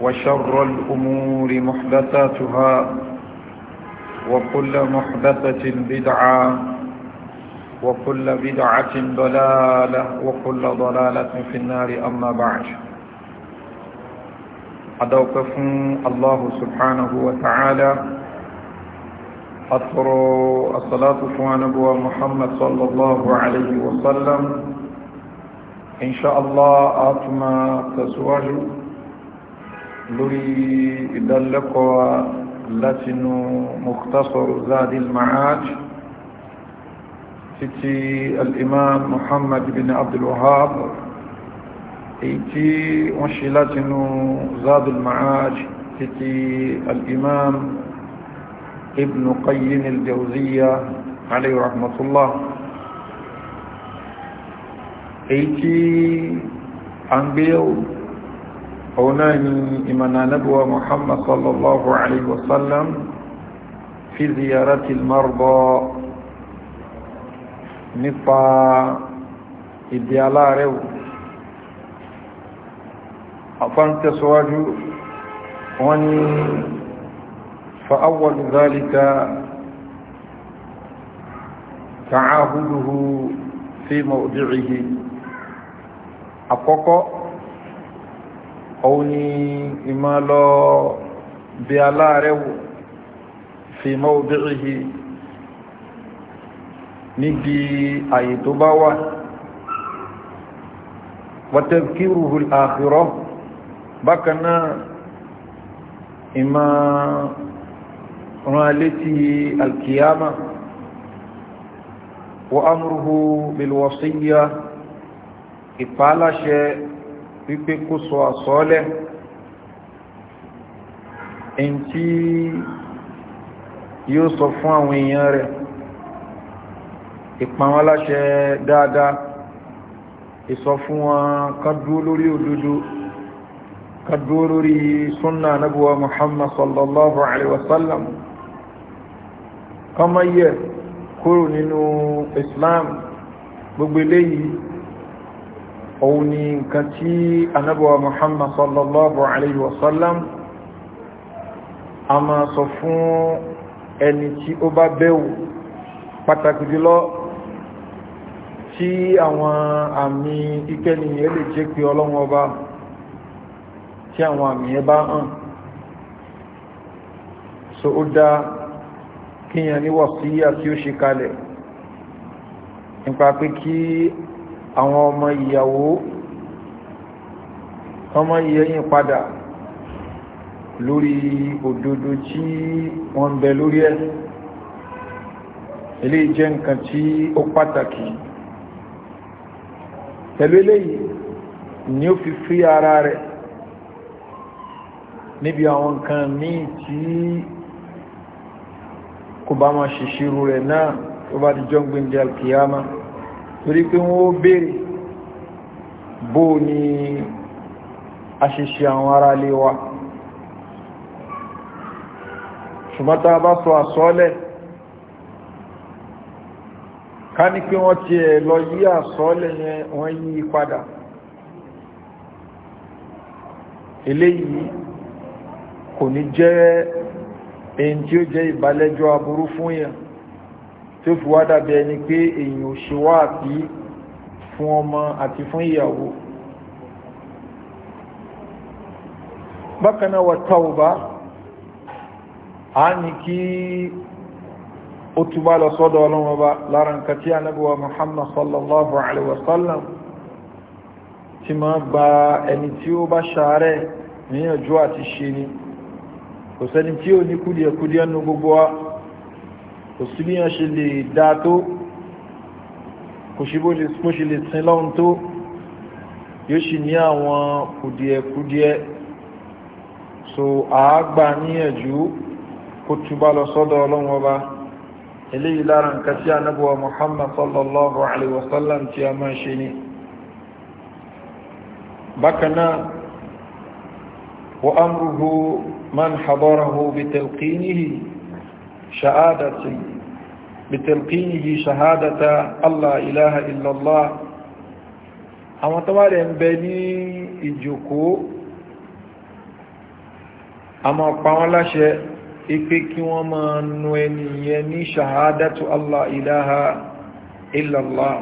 وشر الأمور محدثاتها وكل محدثة بدعة وكل بدعة ضلالة وكل ضلالة في النار أما بعد أدوكف الله سبحانه وتعالى أطر الصلاة نبوة محمد صلى الله عليه وسلم إن شاء الله أتما تسواجه لوري دلقوا لسنو مختصر زاد المعاج ستي الإمام محمد بن عبد الوهاب ايتي وشي لسنو زاد المعاج ستي الإمام ابن قيم الجوزية عليه رحمة الله ايتي عن بيو òun náà ni ìmọ̀nà nábúwa muhammad sallallahu alayhi wa sallam fi ziyarati al-marda nípa ìdí aláàrẹ̀ wò wọ́n ni فأول ذلك تعاهده في موضعه أقوى òun ni ìmọ̀ lọ bí aláàrẹ̀ wò fi mawdi'ihi níbi àyè tó bá wà wa tadhkiruhu al-akhirah bákan náà ìmọ̀ rán létí alkiyama wa amruhu bil wasiyya wípé kó sọ àsọ́ọ́lẹ̀ ẹni tí yóò sọ fún àwọn èèyàn rẹ̀ ìpàwọn aláṣẹ dáadáa ìsọ fún wọn kádúró lórí òdodo kádúró lórí súnnà anábúwa muhammad sallallahu alaihi wasallam kọmọ yẹ kúrò nínú islam gbogbo eléyìí òun ni nǹkan tí anábọ̀wà muhammad sallallahu alayhi wa sallam a máa sọ fún ẹni tí ó bá bẹ̀wò pàtàkì jùlọ tí àwọn àmì ikẹ́niyàn lè jẹ́ pé ọlọ́wọ́ bá tí àwọn àmì ẹ bá hàn so ó dá kíyàn ní wàsíyà tí ó ṣe kalẹ̀ nípa pé kí àwọn ọmọ ìyàwó ọmọ ìyẹyìn padà lórí òdodo tí wọ́n ń bẹ lórí ẹ̀ ilé jẹ́ nǹkan tí ó pàtàkì pẹ̀lú eléyìí ni ó fi fí ara rẹ̀ níbi àwọn nǹkan míì tí kò bá máa ṣìṣirò rẹ̀ náà tó bá di jọ́ ń alkiyama. kìyàmá torí pé wọ́n béèrè bó ní àṣìṣe àwọn ará lé wa ṣùgbọ́n tá bá sọ àsọ́ọ́lẹ̀ ká ní pé wọ́n ti ẹ̀ lọ yí àsọ́ọ́lẹ̀ yẹn wọ́n yí padà eléyìí kò ní jẹ́ èyí tí ó jẹ́ ìbálẹ́jọ́ aburú fún yẹn tí ó fi wá dàbí ẹni pé èyàn ò ṣe wá àti fún ọmọ àti fún ìyàwó bákanáà wà tàwùbá a ní kí ó túbá lọ sọ́dọ̀ ọlọ́wọ́ bá lára nǹkan tí anábíwa muhammad sallallahu alaihi wasallam ti máa gba ẹni tí ó bá ṣàárẹ̀ níyànjú àti ṣe ni kò sẹ́ni tí ó ní kúdíẹ̀kúdíẹ̀ nú gbogbo wa kò sí bí wọ́n ṣe lè dá tó kò sí bó ṣe lè sin lọ́run tó yóò sì ní àwọn kùdìẹ̀kùdìẹ̀ so àágbà níyànjú kó túbá lọ sọ́dọ̀ ọlọ́run ọba eléyìí lára nǹkan tí anábọ̀wà Muhammad sallallahu alaihi wasallam tí a máa ṣe ni bákanáà wa amruhu man hadarahu bi talqinihi شهادة بتلقينه شهادة الله إله إلا الله àwọn tó بني rẹ̀ ń bẹ ní ìjòkó àmọ́ pa wọ́n láṣẹ ipé kí wọ́n máa nù ẹni yẹn ní ṣàhádàtù allah ilaha illallah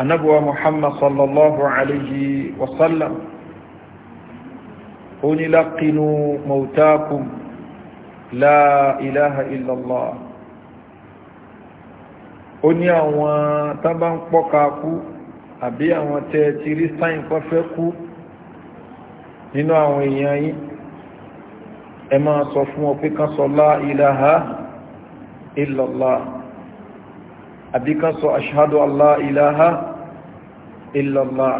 anabuwa muhammad sallallahu alayhi wasallam onílákinu mautakum la ilaha illallah ó ní àwọn tábà ń pọ́ka kú àbí àwọn tẹ́ ti rí sáyìn kan fẹ́ kú nínú àwọn èèyàn yìí ẹ máa sọ fún ọ pé kán sọ la ilaha illallah àbí kán sọ ashhadu an la ilaha illallah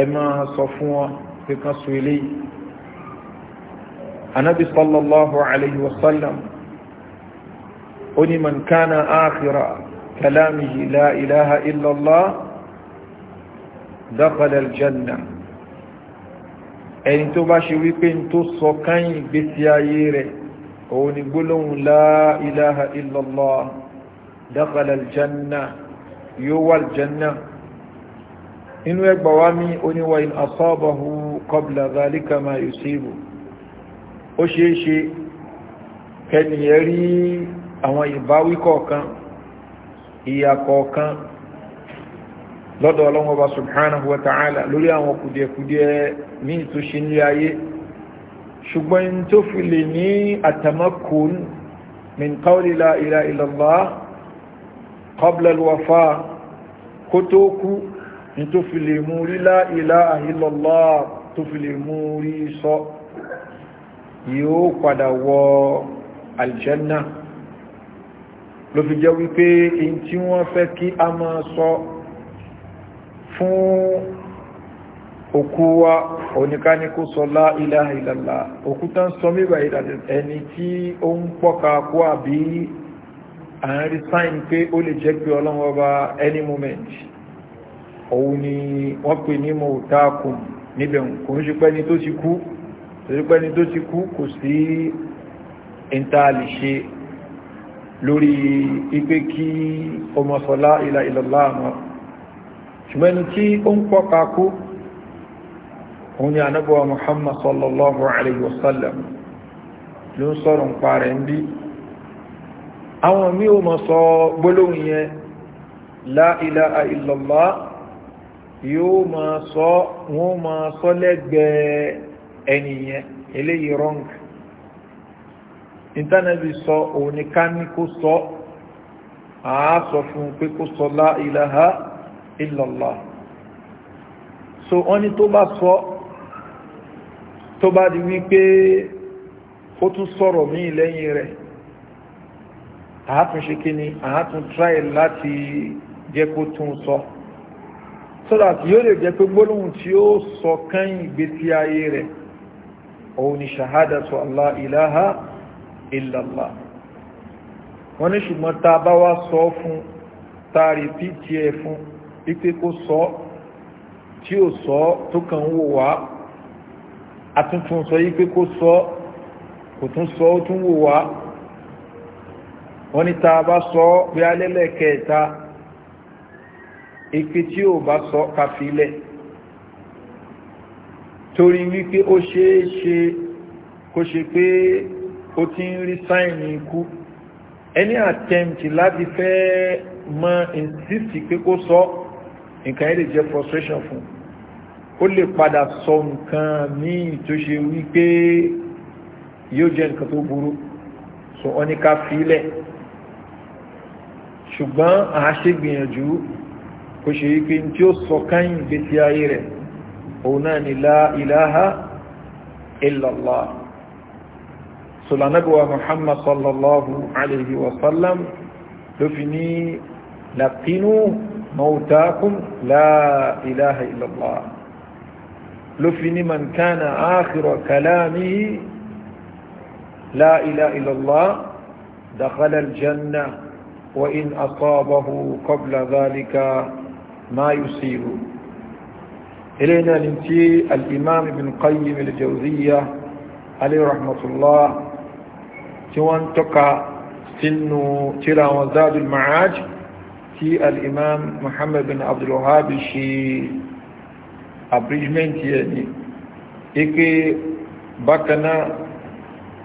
ẹ máa sọ fún ọ pé kán sọ eléyìí anabi sallallahu alayhi wa sallam ó ní man kana akhira kalamihi la ilaha illallah dakhala aljanna ẹni tó bá ṣe wípé tó sọ káyìn ìgbésí ayé rẹ̀ òun ni gbólóhùn la ilaha illallah dakhala aljanna yóò wà aljanna inú ẹgbàwá mi oníwà in asabahu qabla dhalika ma yusibu ó ṣe é ṣe kẹniyẹ rí àwọn ìbáwí kọ̀ọ̀kan ìyà kọ̀ọ̀kan lọ́dọ̀ ọlọ́wọ́ bá subhanahu wa ta'ala lórí àwọn kùdìẹ̀kùdìẹ̀ ní ìtúnṣe ní ayé ṣùgbọ́n tó fi lè ní àtàmọ́kùn min qawli la ilaha illallah qabla alwafa kó tó kú ní tó fi lè mú rí la ilaha tó fi lè mú rí sọ́ọ̀ yóò padà wọ aljanna ló fi jẹ́ wípé in tí wọ́n fẹ́ kí a máa sọ fún òkú wa oníkánikú sọ lá ilaha illallah òkúta ń sọ mẹ́bà ìdàdì ẹni tí ó ń pọ́ka kó àbí àárí sáìn pé ó lè jẹ́ pé ọlọ́wọ́ bá any moment òun ni wọ́n pè ní mọ̀ọ́tákùn níbẹ̀ kò ń ṣe pẹ́ni tó ti kú torípẹ́ ni tó ti kú kò sí ìntàlì ṣe lórí ipé kí ọmọ sọlá ilá ìlọ́lá àmọ́ ṣùgbọ́n ẹni tí ó ń pọ́pa kú òun ni ànábọ̀wà Muhammad sallallahu alayhi wa sallam ló ń sọ̀rọ̀ ń parẹ̀ ń bí àwọn mí o mọ̀ sọ gbólóhùn yẹn la ilaha yóò máa sọ lẹ́gbẹ̀ẹ́ ẹniyẹn eléyìí wrong ìtànàbí sọ òun ni ká ní kó sọ àá fún pé kó sọ lá ilaha illallah so wọ́n ní tó bá sọ tó bá di wípé ó tún sọ̀rọ̀ míì lẹ́yìn rẹ̀ àátúnṣe kí ni try láti jẹ́ kó tún sọ so that yóò lè jẹ́ pé gbólóhùn tí ó sọ kán ìgbésí ayé rẹ̀ òun ni ṣahádàtù allá ìláha ìlàlá wọ́n ní ṣùgbọ́n ta bá wá sọ fún taari pìtì ẹ fún ipe kó sọ tí ó sọ tó kàn wò wá atuntun sọ ipe kó sọ kò tún sọ ó tún wò wá wọ́n ní ta bá sọ pé alẹ́lẹ̀ kẹta tí ó bá sọ kàfilẹ̀ torí wípé ó ṣeé ṣe kó ṣe pé ó ti ń rí sáìnì ikú ẹni attempt láti fẹ́ mọ insist pé kó sọ nǹkan yẹn lè jẹ́ frustration fún ó lè padà sọ nǹkan míì tó ṣe wípé yóò jẹ́ nǹkan tó burú so wọ́n ní ká filẹ̀ ṣùgbọ́n àá ṣègbìyànjú kò ṣe wípé tí ó sọ káyìn ìgbésí ayé rẹ̀ هناني لا إله إلا الله صلى نبوة محمد صلى الله عليه وسلم لفني لقنوا موتاكم لا إله إلا الله لفني من كان آخر كلامه لا إله إلا الله دخل الجنة وإن أصابه قبل ذلك ما يسيره إلينا لنتي الإمام ابن قيم الجوزية عليه رحمة الله تيوان تقى سن تلا وزاد المعاج تي الإمام محمد بن عبد الوهاب شي أبريجمنت يعني إكي بكنا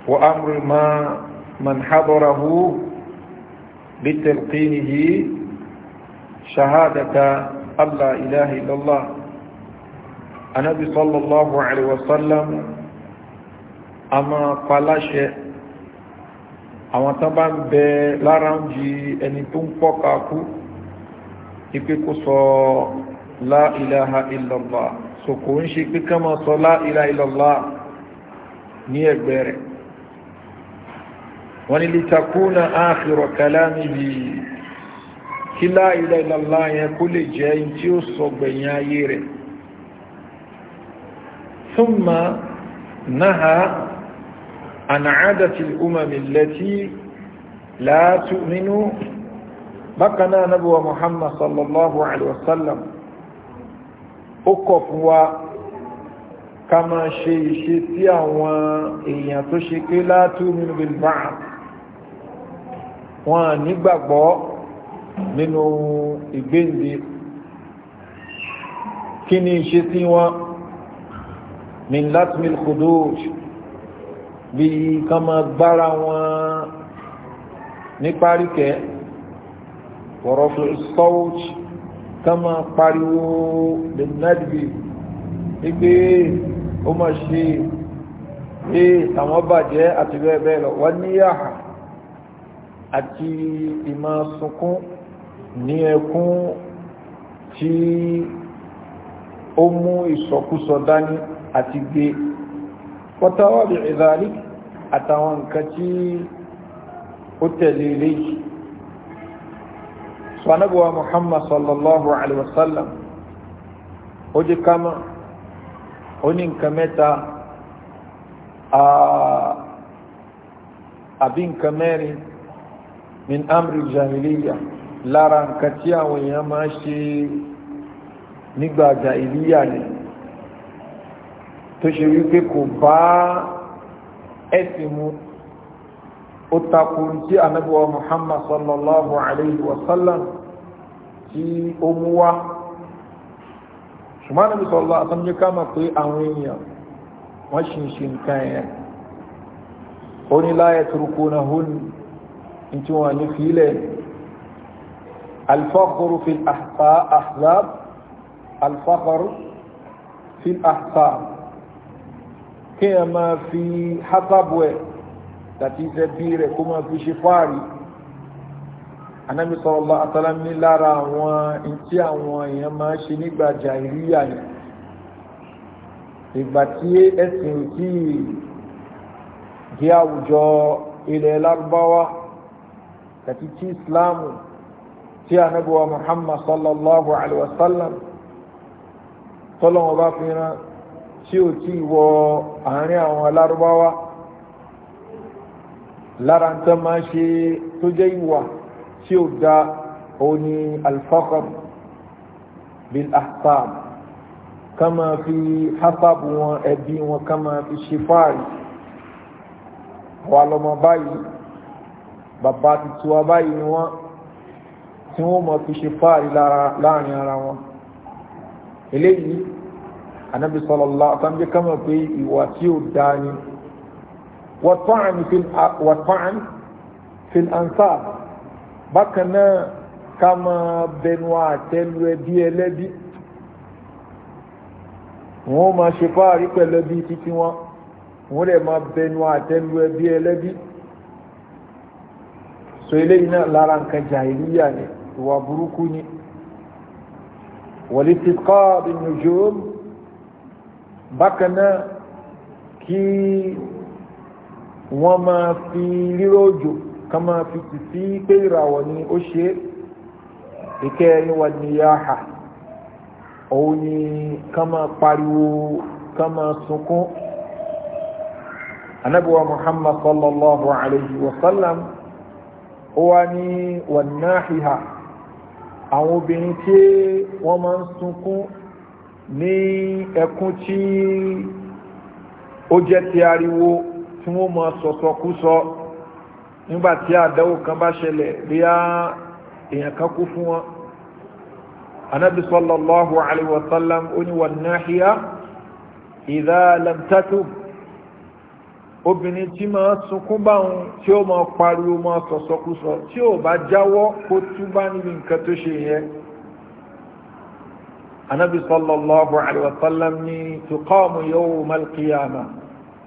وأمر ما من حضره بتلقينه شهادة الله إله إلا الله anábi sallallahu alaihi wasallam a máa paláṣẹ àwọn tán bá ń bẹ lára ń jí ẹni tó ń pọ́ kakú ipé kó sọ la ilaha illallah so kò ń ṣe pé kán máa sọ la ilaha illallah ní ẹgbẹ́ rẹ̀ wọ́n ni litakuna akhira kalamihi kí la ilaha yẹn kó lè jẹ́ in tí ó sọ gbẹ̀yìn ayé rẹ̀ ثم نهى عن عادة الأمم التي لا تؤمن بقنا نبوة محمد صلى الله عليه وسلم أقفوا كما شيء شتيا وإن يتشكي لا تؤمن بالبعض ونبقى منه إبندي كني شتيا min latmil khuduj bí kan máa gbára wọn ní paríkẹ́ wọ̀rọ̀fù sọ́wọ́j kan máa pariwo lè nádìbì wípé ó máa ṣe pé àwọn bàjẹ́ àti bẹ́ẹ̀ bẹ́ẹ̀ lọ wọ́n níyàhà àti ìmọ̀ sunkún ní ẹkún tí ó mú ìsọkúsọ dání àti gbé pọ́tàwọ́ bí ìzàlì àtàwọn nǹkan tí ó tẹ̀lé ilé yìí sọ́nàbọ̀wà muhammad sallallahu alaihi wasallam ó jẹ́ kama ó ní nǹkan mẹ́ta àbí nǹkan mẹ́rin min amri jahiliya lára nǹkan tí àwọn èèyàn máa ṣe nígbà jahiliya ni tó ṣe wípé kò bá ẹ̀sìn mu ó takò tí anábíwá muhammad sallallahu alayhi wa sallam tí ó mú wá ṣùgbọ́n anábí sallallahu alayhi wa sallam ká mọ̀ pé àwọn èèyàn wọ́n ṣì ń ṣe nǹkan yẹn ó ní láyé turukú na hún ní tí wọ́n ní fílẹ̀ alfaqru fil ahzab alfaqru fil ahzab kí ẹ máa fi hásábù ẹ̀ tàbí ìfẹ́bí rẹ̀ kó máa fi ṣe fáàrí anábì sallallahu alaihi wasallam ní lára àwọn ìtí àwọn èèyàn máa ṣe nígbà jàhílíyà ni ìgbà tí ẹ̀sìn ò tí ì di àwùjọ ilẹ̀ lárúbáwá àti tí islamu tí anábì muhammad sallallahu alaihi wasallam tọ́lọ́wọ́ bá fi rán tí ó ti wọ àárín àwọn alárúbáwá lára ń tán máa ṣe tó jẹ́ ìwà tí ó dá òun ni alfakar bil ahsab ká máa fi hasab wọn ẹbí wọn ká fi ṣe fáàrí àwọn alọmọ báyìí bàbá tuntun wa báyìí wọn tí wọn máa fi ṣe fáàrí láàrin ara wọn eléyìí anabi sallallahu alaihi wasallam jẹ́ ká mọ̀ pé ìwà tí ó dáa ni wàtọ́n fil ansab bákan náà ká máa bẹnu àtẹ́lu ẹbí ẹlẹ́bí wọ́n máa ṣe fáàrí pẹ̀lú ẹbí títí wọn wọ́n lè máa bẹnu àtẹ́lu ẹbí ẹlẹ́bí so eléyìí náà lára nǹkan jàìlíyà ni ìwà burúkú ni wọ̀lítìkọ́ bin nujum bákan náà kí wọ́n máa fi rírọ̀ òjò ká máa fi tì sí pé ìràwọ̀ ni ó ṣe é ìkẹrin wà níyàhà òun ni ká máa pariwo ká máa sunkún anabiwa muhammad sallallahu alayhi wa sallam ó wá ní wà náà hìhà àwọn obìnrin tí wọ́n máa ń sunkún ní ẹkún tí ó jẹ́ ti ariwo tí wọ́n mọ sọ̀sọ̀kúsọ nígbàtí àdáwò kan bá ṣẹlẹ̀ rí á èèyàn kan kú fún wọn anábi sallallahu alaihi wasallam ó ní wà náhíyá ìdá lamtatu obìnrin tí máa sunkún bá wọn tí ó máa pariwo máa sọ̀sọ̀kúsọ tí ó bá jáwọ́ kó túbá níbi nǹkan tó ṣe yẹn anabi sallallahu alaihi wa sallam ni tuqamu yawm al-qiyama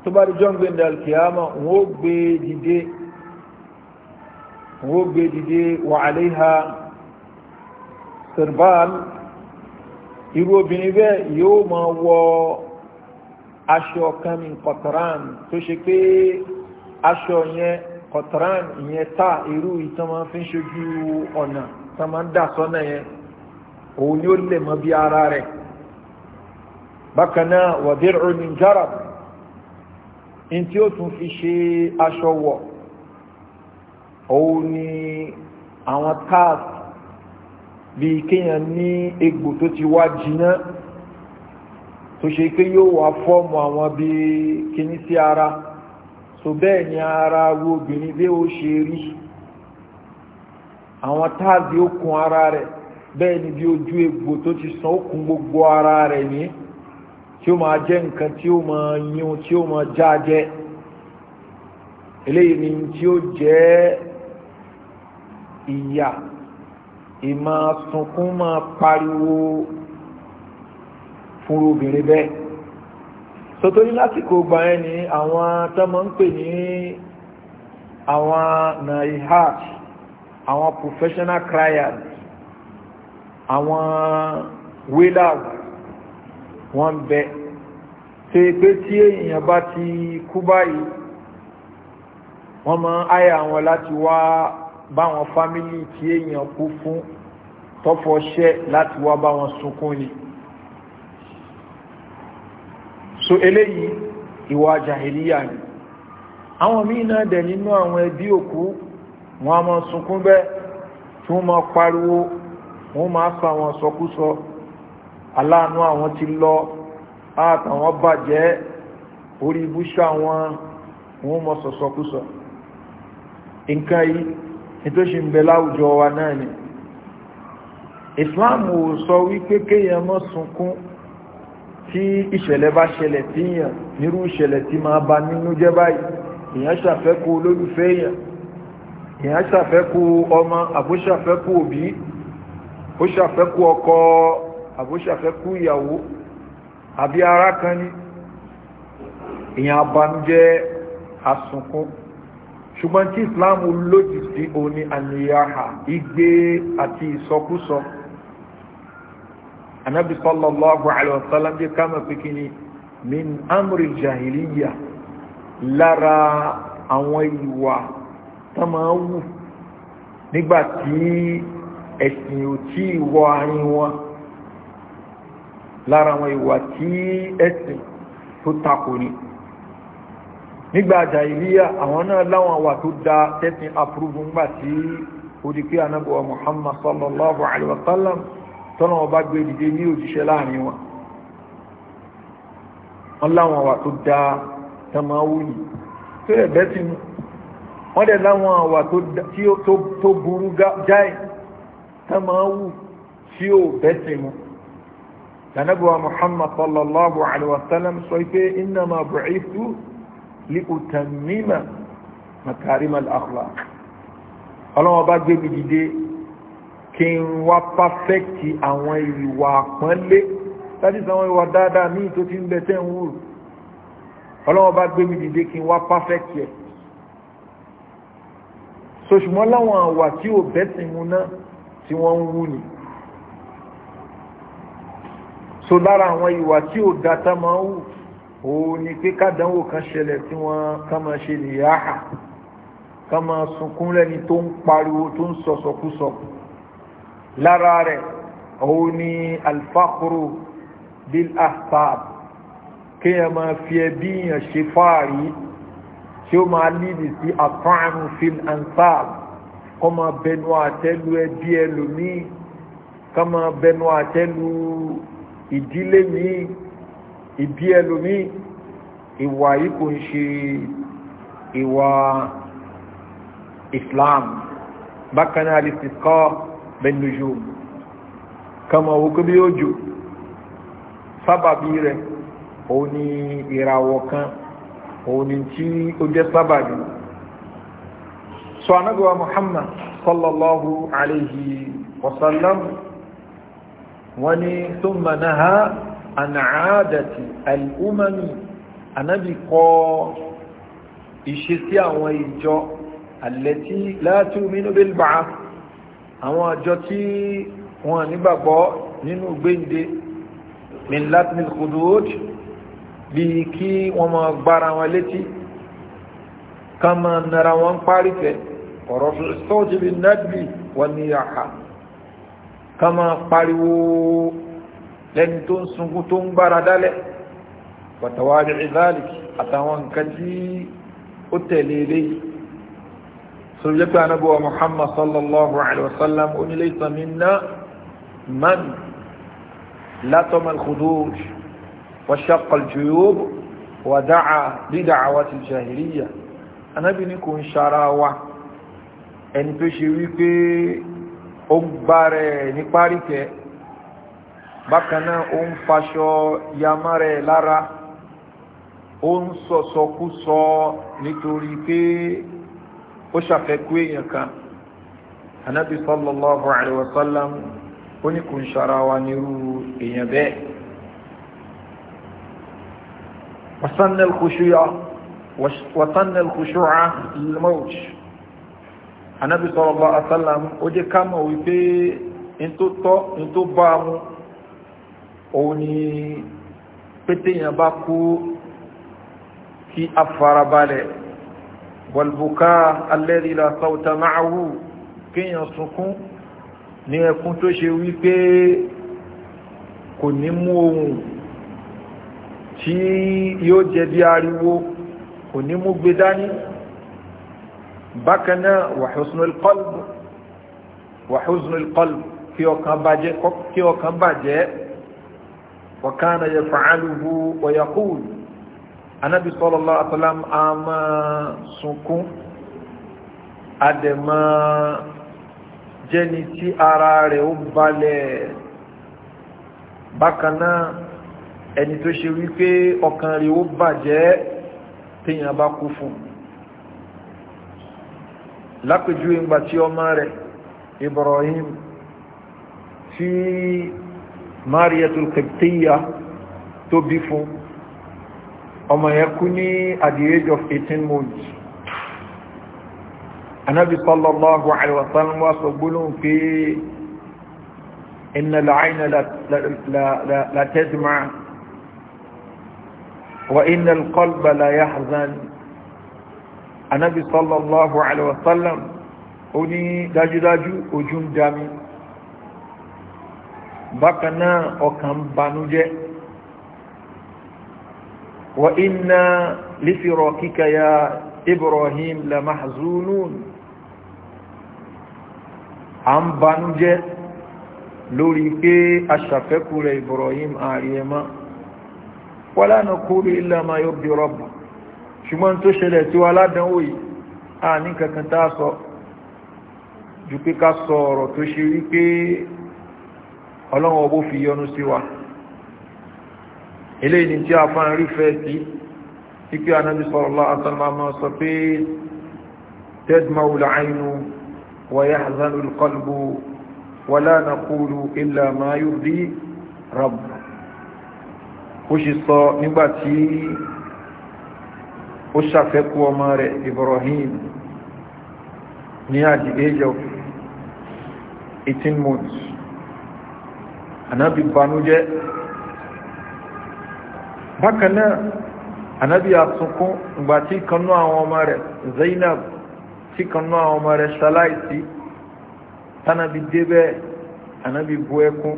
tó bá di jọ́ gbẹ̀ndẹ̀ al-qiyama wọ́n gbé dìde wọ́n gbé dìde wà aléha sirbal irú obìnrin bẹ́ẹ̀ yóò máa aṣọ kan ní kọtran tó ṣe pé aṣọ yẹn kọtran ìyẹn ta irú ìtàn máa fi ṣojú ọ̀nà tán máa ń dà yẹn òun ni ó lè mọ bí ara rẹ̀ bákan náà wàdírù ní jarab in tí ó tún fi ṣe aṣọ wọ̀ òun ni àwọn cars bíi kéèyàn ní egbò tó ti wá jiná tó ṣe pé yóò wá fọ́ọ̀mù àwọn bíi kíní sí ara so bẹ́ẹ̀ ni ara wo obìnrin bí ó ṣe rí àwọn táàbí ó kun ara rẹ̀ bẹ́ẹ̀ ni bí ojú egbò tó ti san okùn gbogbo ara rẹ̀ ní tí ó máa jẹ́ nǹkan tí ó máa yún tí ó máa já jẹ́ eléyìí ni tí ó jẹ́ ìyà ìmọ̀ sunkún máa pariwo fún obìnrin bẹ́ẹ̀ sotori lásìkò gbà ẹ́ ní àwọn tọ́mọ̀ ń pè ní àwọn naihat àwọn professional criers àwọn wheelers wọ́n bẹ ṣe pé tí èèyàn bá ti kú báyìí wọ́n mọ àyà wọn láti wá báwọn fámílì tí èèyàn kú fún tọ́fọ́ ṣẹ́ láti wá báwọn sunkún ni so eléyìí ìwà jàhìlíyà ni àwọn míì náà dẹ̀ nínú àwọn ẹbí òkú wọn a máa sunkún bẹ́ẹ̀ tí wọ́n máa pariwo wọ́n máa sọ àwọn sọkúsọ aláàánú àwọn ti lọ àtàwọn bàjẹ́ orí ibúṣà wọn wọ́n mọ̀ sọ̀sọ̀kúsọ̀ nǹkan yìí nító ṣe ń bẹ láwùjọ wa náà ni islam ò sọ wípé kéèyàn mọ́ sunkún tí ìṣẹ̀lẹ̀ bá ṣẹlẹ̀ tí yàn nírú ìṣẹ̀lẹ̀ tí máa ba nínú jẹ́ báyìí èèyàn ṣàfẹ́kù olólùfẹ́ èèyàn èèyàn ṣàfẹ́kù ọmọ àbúṣàfẹ́kù òbí ó ṣàfẹ́kù ọkọ àbó ṣàfẹ́kù ìyàwó àbí ara kan ní èyàn abanújẹ́ asunkún ṣùgbọ́n tí islam lòdì sí òní àníyàhà igbe àti ìsọkúsọ anabi sallallahu alaihi wasallam jẹ́ ká mọ̀ pé min amri jahiliya lára àwọn ìwà tó máa wù nígbàtí ẹ̀sìn ò tí wọ àárín wọn lára àwọn ìwà tí ẹ̀sìn tó takò ní nígbà jàìlíyà àwọn náà láwọn àwà tó dá tẹ́sìn àpúrúgbùn gbà tí ó di pé anábọ̀wà Muhammad sallallahu alaihi wasallam tọ́nà ọba gbé dìde ní òjíṣẹ́ láàrin wọn wọ́n láwọn àwà tó dá tẹ́máwú yìí tó ẹ̀bẹ́ tí wọ́n dẹ̀ láwọn àwà tó burú jáì tán máa wù tí ó bẹ́sẹ̀ mu tànàbíwá muhammad sallallahu alaihi wa sallam sọ pé innama bu'ithu li utammima makarim al-akhlaq ọlọ́wọ́n bá gbé mi dìde kí n wá pàfẹ́kì àwọn ìwà àpọ́nlé láti sọ àwọn ìwà dáadáa míì tó ti ń bẹ tẹ́ ń wúrù ọlọ́wọ́n bá gbé mi dìde kí n wá pàfẹ́kì ẹ̀ so láwọn àwà tí ò bẹ́sìn mu náà tí wọ́n ń wú ni so lára àwọn ìwà tí ò da tá máa ń wù òun ni pé kádánwò kan ṣẹlẹ̀ tí wọ́n ká máa ṣe nìyáhà ká máa sunkún lẹ́ni tó ń pariwo tó ń sọ̀sọ̀kúsọ lára rẹ̀ òun ni alfakuru bil ahsab kéèyàn máa fi ẹbí yàn ṣe fáàrí tí ó máa lídì sí àtọ́nù fil ansab kọ́ máa bẹnu àtẹ́lu ẹbí ẹlòmíì kọ́ máa bẹnu ìdílé míì ìbí ẹlòmíì ìwà yìí ìwà islam bákan náà lè ti kọ́ kama wòkó bí òjò sábàbí rẹ̀ òun ni ìràwọ̀ kan òun tí ó sábàbí so anagba muhammad sallallahu alayhi wa sallam wani thumma naha an aadati al'umami anabi kọ̀ ìṣesí àwọn ìjọ àlẹ́tí láti omínú bí bá àwọn àjọ tí wọ́n nígbàgbọ́ nínú gbéǹde min latin kudud bí kí wọ́n máa gbára wọn létí ká nara wọn párí tẹ́ẹ̀ ọ̀rọ̀fẹ́ sọ́ọ̀jì bí nẹ́bì wọ́n ní àhà ká máa pariwo lẹ́ni tó ń sunkún tó ń gbára dálẹ̀ pàtàwárí ìdáàlì àtàwọn nǹkan tí ó tẹ̀lé eléyìí sọ̀rọ̀jẹ́ pé anábọ̀wà Muhammad sallallahu alaihi wasallam onílé ìsànmínà man látọ̀mọ̀ al kò ń ṣara wa ẹni tó ṣe wípé ó gbá rẹ̀ ní páríkẹ́ bákan náà ó ń faṣọ yamá rẹ̀ lára ó ń sọ̀sọ̀kúsọ nítorí pé ó ṣàfẹ́kú èèyàn kan anábì sallallahu alaihi wasallam ó ní kò ń ṣara wa nírú èèyàn bẹ́ẹ̀ wasanna al-khushu'a wasanna al anábì sallallahu alaihi wasallam ó jẹ́ ká mọ̀ wípé in tó tọ́ in tó bá mú òun ni pété yẹn bá kú kí a farabalẹ̀ wàlbùká alladhi la sawta ma'ahu kéèyàn sunkún ní ẹkún tó ṣe wípé kò ní mú ohun tí yóò jẹ bí ariwo kò ní mú gbé dání bákanáà wà husnul qalb wà husnul qalb kí ọkàn bàjẹ́ wa kana yaf'aluhu wa yaqul anabi sallallahu alaihi wasallam a máa sunkún adẹ̀mọ́ jẹ́ni tí ara rẹ̀ ó balẹ̀ bákanáà ẹni tó ṣe wípé ọkàn rẹ̀ ó bàjẹ́ téèyàn bá kú fún un lápèjúwe ńgbà tí ọmọ rẹ̀ Ibrahim tí Mariatul Qibtiyya tó bí fún ọmọ yẹn kú ní at the age of 18 months anabi sallallahu alaihi wa sallam wa sọ gbólóhùn pé inna la'ayna la wa inna al anábi sallallahu alaihi wasallam ó ní dájúdájú ojú ń dami bákan náà ọkàn banújẹ́ wa inna lifirakika ya ibrahim la mahzunun a ń banújẹ́ lórí pé aṣàfẹ́kù rẹ̀ ibrahim àríẹ̀má wala naqulu illa ma yurdi rabb ṣùgbọ́n tó ṣẹlẹ̀ tí wà ládánwò yìí a ní kankan tá sọ ju pé ká sọ ọ̀rọ̀ tó ṣe rí pé ọlọ́run ọbó fi yọ́nú sí wa eléyìí ni tí a fa ń rí fẹ́ sí ikú anábi sallallahu alaihi wasallam sọ pé tadma'u al-'aynu wa yahzanu al-qalbu wa la naqulu illa ma yurdi rabb ó ṣe sọ nígbàtí ó ṣàfẹ́kù ọmọ rẹ̀ Ibrahim ní at the age of 18 months anábi banújẹ́ bákanáà anábi àtúnkún ìgbà kanu awon àwọn ọmọ rẹ̀ Zainab tí kanú àwọn ọmọ rẹ̀ ṣaláìsí debe débẹ̀ anábi bú ẹkún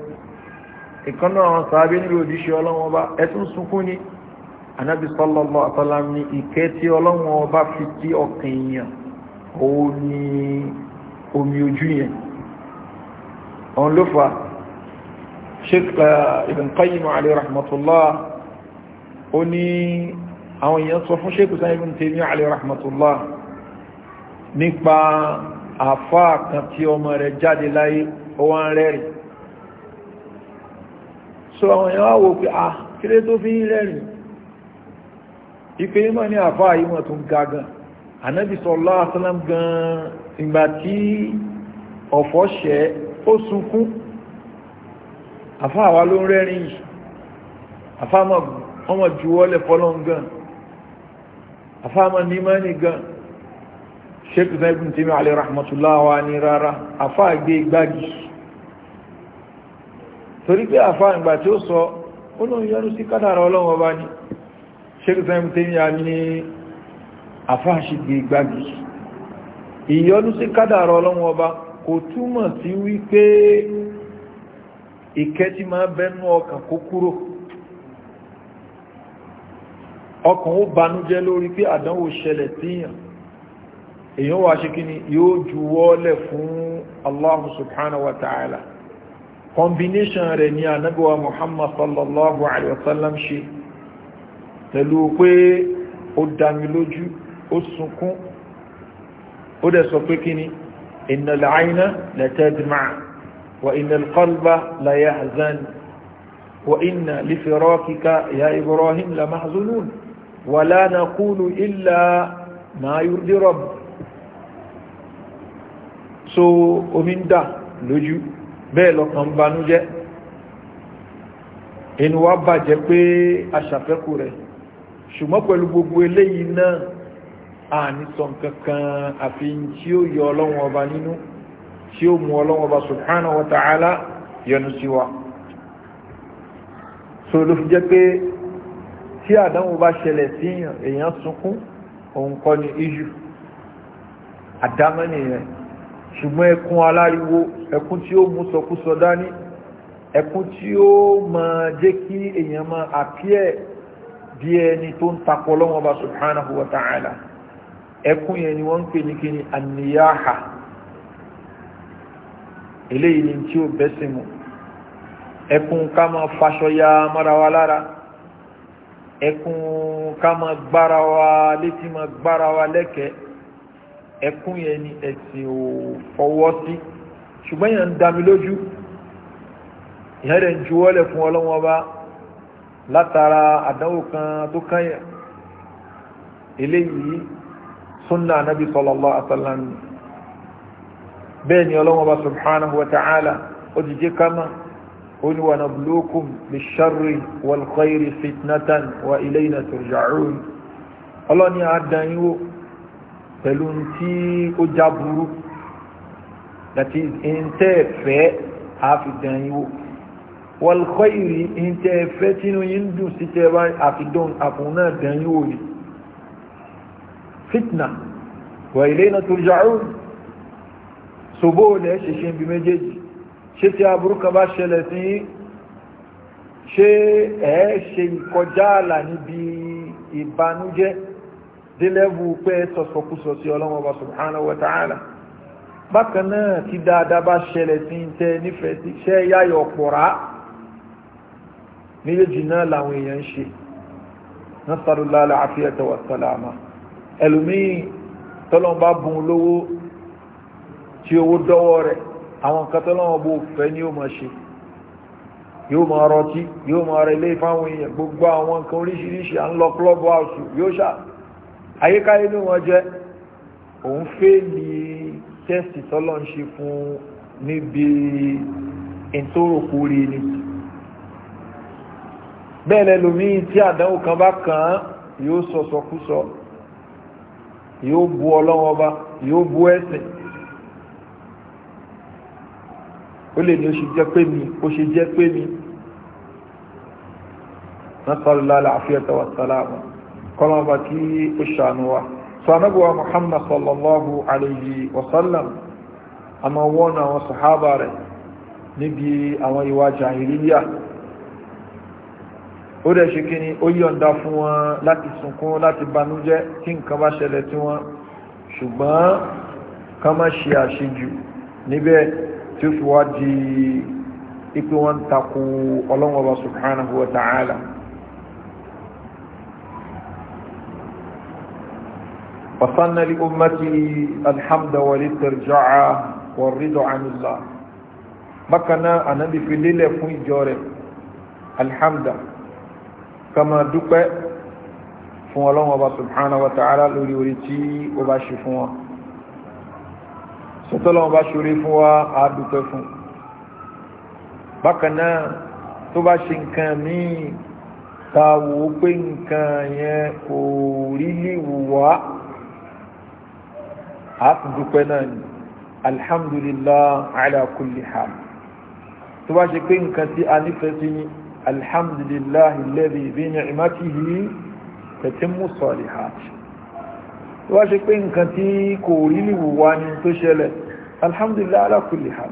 ìkanú àwọn sàábé nílò òjíṣẹ́ ọlọ́wọ́ bá ẹtún sunkún ni anábì sallallahu alaihi wasallam ní ìkẹ́ tí ọlọ́run ọba fi tí ọkàn èèyàn òun ni omi ojú yẹn òun ló fa sheikh eh, ibn qayyim alayhi rahmatullah ó ní àwọn èèyàn sọ fún sheikh sani ibn taymiyyah alayhi rahmatullah nípa àfáà kan tí ọmọ rẹ̀ jáde láyé ó wá ń rẹ́rìn so àwọn èèyàn wá wò pé ah kí lé tó fi ń rẹ́rìn ipe mọ́ ní àfá ìmọ̀ tó ń ga gan anábì sọ́lá asálám gan ìgbà tí ọ̀fọ́ ṣẹ́ ó sunkún àfá àwa ló ń rẹ́rìn yìí àfá ọmọ juwọ́lẹ̀ fọ́lọ́n gan àfá ọmọ nímọ́ni gan sheikh zaibun timi alayhi rahmatullah wa ni rara àfá gbé igbági torí pé àfá ìgbà tí ó sọ ó lóun yọnu sí kádàrà ọlọ́run ọba ni. ṣékù ya tẹ́yà ní àfáàṣìgbè gbági ìyọnú sí kádàrọ ọlọ́run ọba kò túmọ̀ sí wípé ìkẹ́ tí máa bẹnu ọkàn kó kúrò ọkàn ó banújẹ́ lórí pé àdánwò ṣẹlẹ̀ tíyàn èyàn wà ṣe kí ni yóò juwọ́lẹ̀ fún Allah subhanahu wa ta'ala combination rẹ̀ ni anagawa Muhammad sallallahu alaihi wasallam pẹ̀lú pé ó dámi lójú ó sunkún ó dẹ̀ sọ pé kíni innal ayna la tadma wa innal qalba la yahzan wa inna li firaqika ya ibrahim la mahzunun wa la naqulu illa so omi ń dà lójú bẹ́ẹ̀ lọ́kàn banújẹ́ inú wa bàjẹ́ pé aṣàfẹ́kù rẹ̀ ṣùgbọ́n pẹ̀lú gbogbo eléyìí náà àní sọ kankan àfihàn tí ó yọ ọlọ́wọ́n ọba nínú tí ó mú ọlọ́wọ́n ọba subhanahu wa ta'ala yọ́nú sí wa so ló fi jẹ́ pé tí àdánwò bá ṣẹlẹ̀ sí èèyàn sunkún òun kọ́ ni iṣu àdámẹ́ni rẹ̀ ṣùgbọ́n ẹkún aláriwo ẹkún tí ó mú sọkúsọ dání ẹkún tí ó máa jẹ́ kí èèyàn máa àpíẹ̀ bí ẹni tó ń takọ lọ́wọ́ ọba subhanahu wa ta'ala ẹkún yẹn ni wọ́n ń pè ní kíni àníyáhà eléyìí ni tí ó bẹ́sìn mu ẹkún ká máa faṣọ ya mọ́ra wa lára ẹkún ká máa gbára wa létí máa gbára wa lẹ́kẹ̀ẹ́ ẹkún yẹn ni ẹ̀sìn ò fọwọ́ sí ṣùgbọ́n yẹn ń dami lójú ìyẹn rẹ̀ ń juwọ́lẹ̀ fún ọlọ́wọ́n bá látara àdánwò kan tó káyà eléyìí sunna anabi sallallahu alaihi wasallam bẹ́ẹ̀ ni ọlọ́wọ́ bá subhanahu wa ta'ala ó ti jẹ́ kama ó ní wa nabluukum bisharri wal khayri fitnatan wa ilayna turja'un ọlọ́ni wọlkọ́ìrì ń tẹ́ fẹ́ tínú yí ń dùn sí tẹ́ bá àfidọ́n àfún náà dán yíò rí fitna wà ilé iná tó jàrú ṣòbó olè ṣeṣe bí méjèèjì ṣe tí aburú kan bá ṣẹlẹ̀ sí ṣe ẹ̀ ṣe ìkọjá àlà níbi ìbànújẹ́ délẹ́bù pé sọ̀sọ̀kúsọ̀ sí ọlọ́mọba subhanahu wa ta'ala bákan náà tí dáadáa bá ṣẹlẹ̀ sí tẹ́ nífẹ̀ẹ́ sí ṣẹ́ yáyọ̀ pọ̀ràá méjèèjì náà làwọn èèyàn ń ṣe nasalula alafiyata wa salama ẹlòmíì tọ́lọ́n bá bùn lówó tí owó dọ́wọ́ rẹ̀ àwọn nǹkan tọ́lọ́n bó fẹ́ ni yóò máa ṣe yóò máa rọtí yóò máa rẹ ilé fáwọn èèyàn gbogbo àwọn nǹkan oríṣiríṣi à ń lọ club house yóò ṣá àyíkáyé ló wọn jẹ òun fèèlì tẹ́sì tọ́lọ́n ṣe fún níbi ìtòròkúrí ni bẹ́ẹ̀ lẹ́lòmíì tí àdánwò kan bá kàn án yóò sọ̀sọ̀kúsọ yóò bu ọlọ́wọ́ ọba yóò bu ẹ̀sìn ó lè ní ó ṣe jẹ́ pé mi ó ṣe jẹ́ pé mi nasalala alafiyata wa salama kọlọmọba kí ó ṣàánú wa sanabuwa muhammad sallallahu alayhi wa sallam a ma wọ́n àwọn sahaba rẹ̀ níbi àwọn ìwà jahiliya ó dẹ̀ ṣe kí ni ó yọ̀ǹda fún wọn láti sunkún láti banújẹ́ tí nǹkan bá ṣẹlẹ̀ tí wọ́n ṣùgbọ́n ká má ṣe àṣejù níbẹ̀ tí ó fi wá di ipe wọn takò ọlọ́run subhanahu wa ta'ala. وصلنا لأمتي الحمد والاسترجاع والرضا عن الله بكنا أنا في الليل فوي جوري الحمد kama dúpẹ́ fún ọlọ́wọ́n ọba subhanahu wa ta'ala lórí orí tí ó bá ṣe fún wa sọ́tọ́lọ́wọ́n bá ṣorí fún wa á dúpẹ́ fún bákan náà tó bá ṣe nǹkan míì ta wò pé nǹkan yẹn kò rí léwu wá á ti dúpẹ́ náà ni alhamdulillah ala kulli hal tó bá ṣe pé nǹkan tí a nífẹ̀ẹ́ sí yìí الحمد لله الذي بنعمته تتم الصالحات wá ṣe pé nǹkan tí kò rí lè wùwá ní tó ṣẹlẹ̀ alhamdulillah ala kulli hal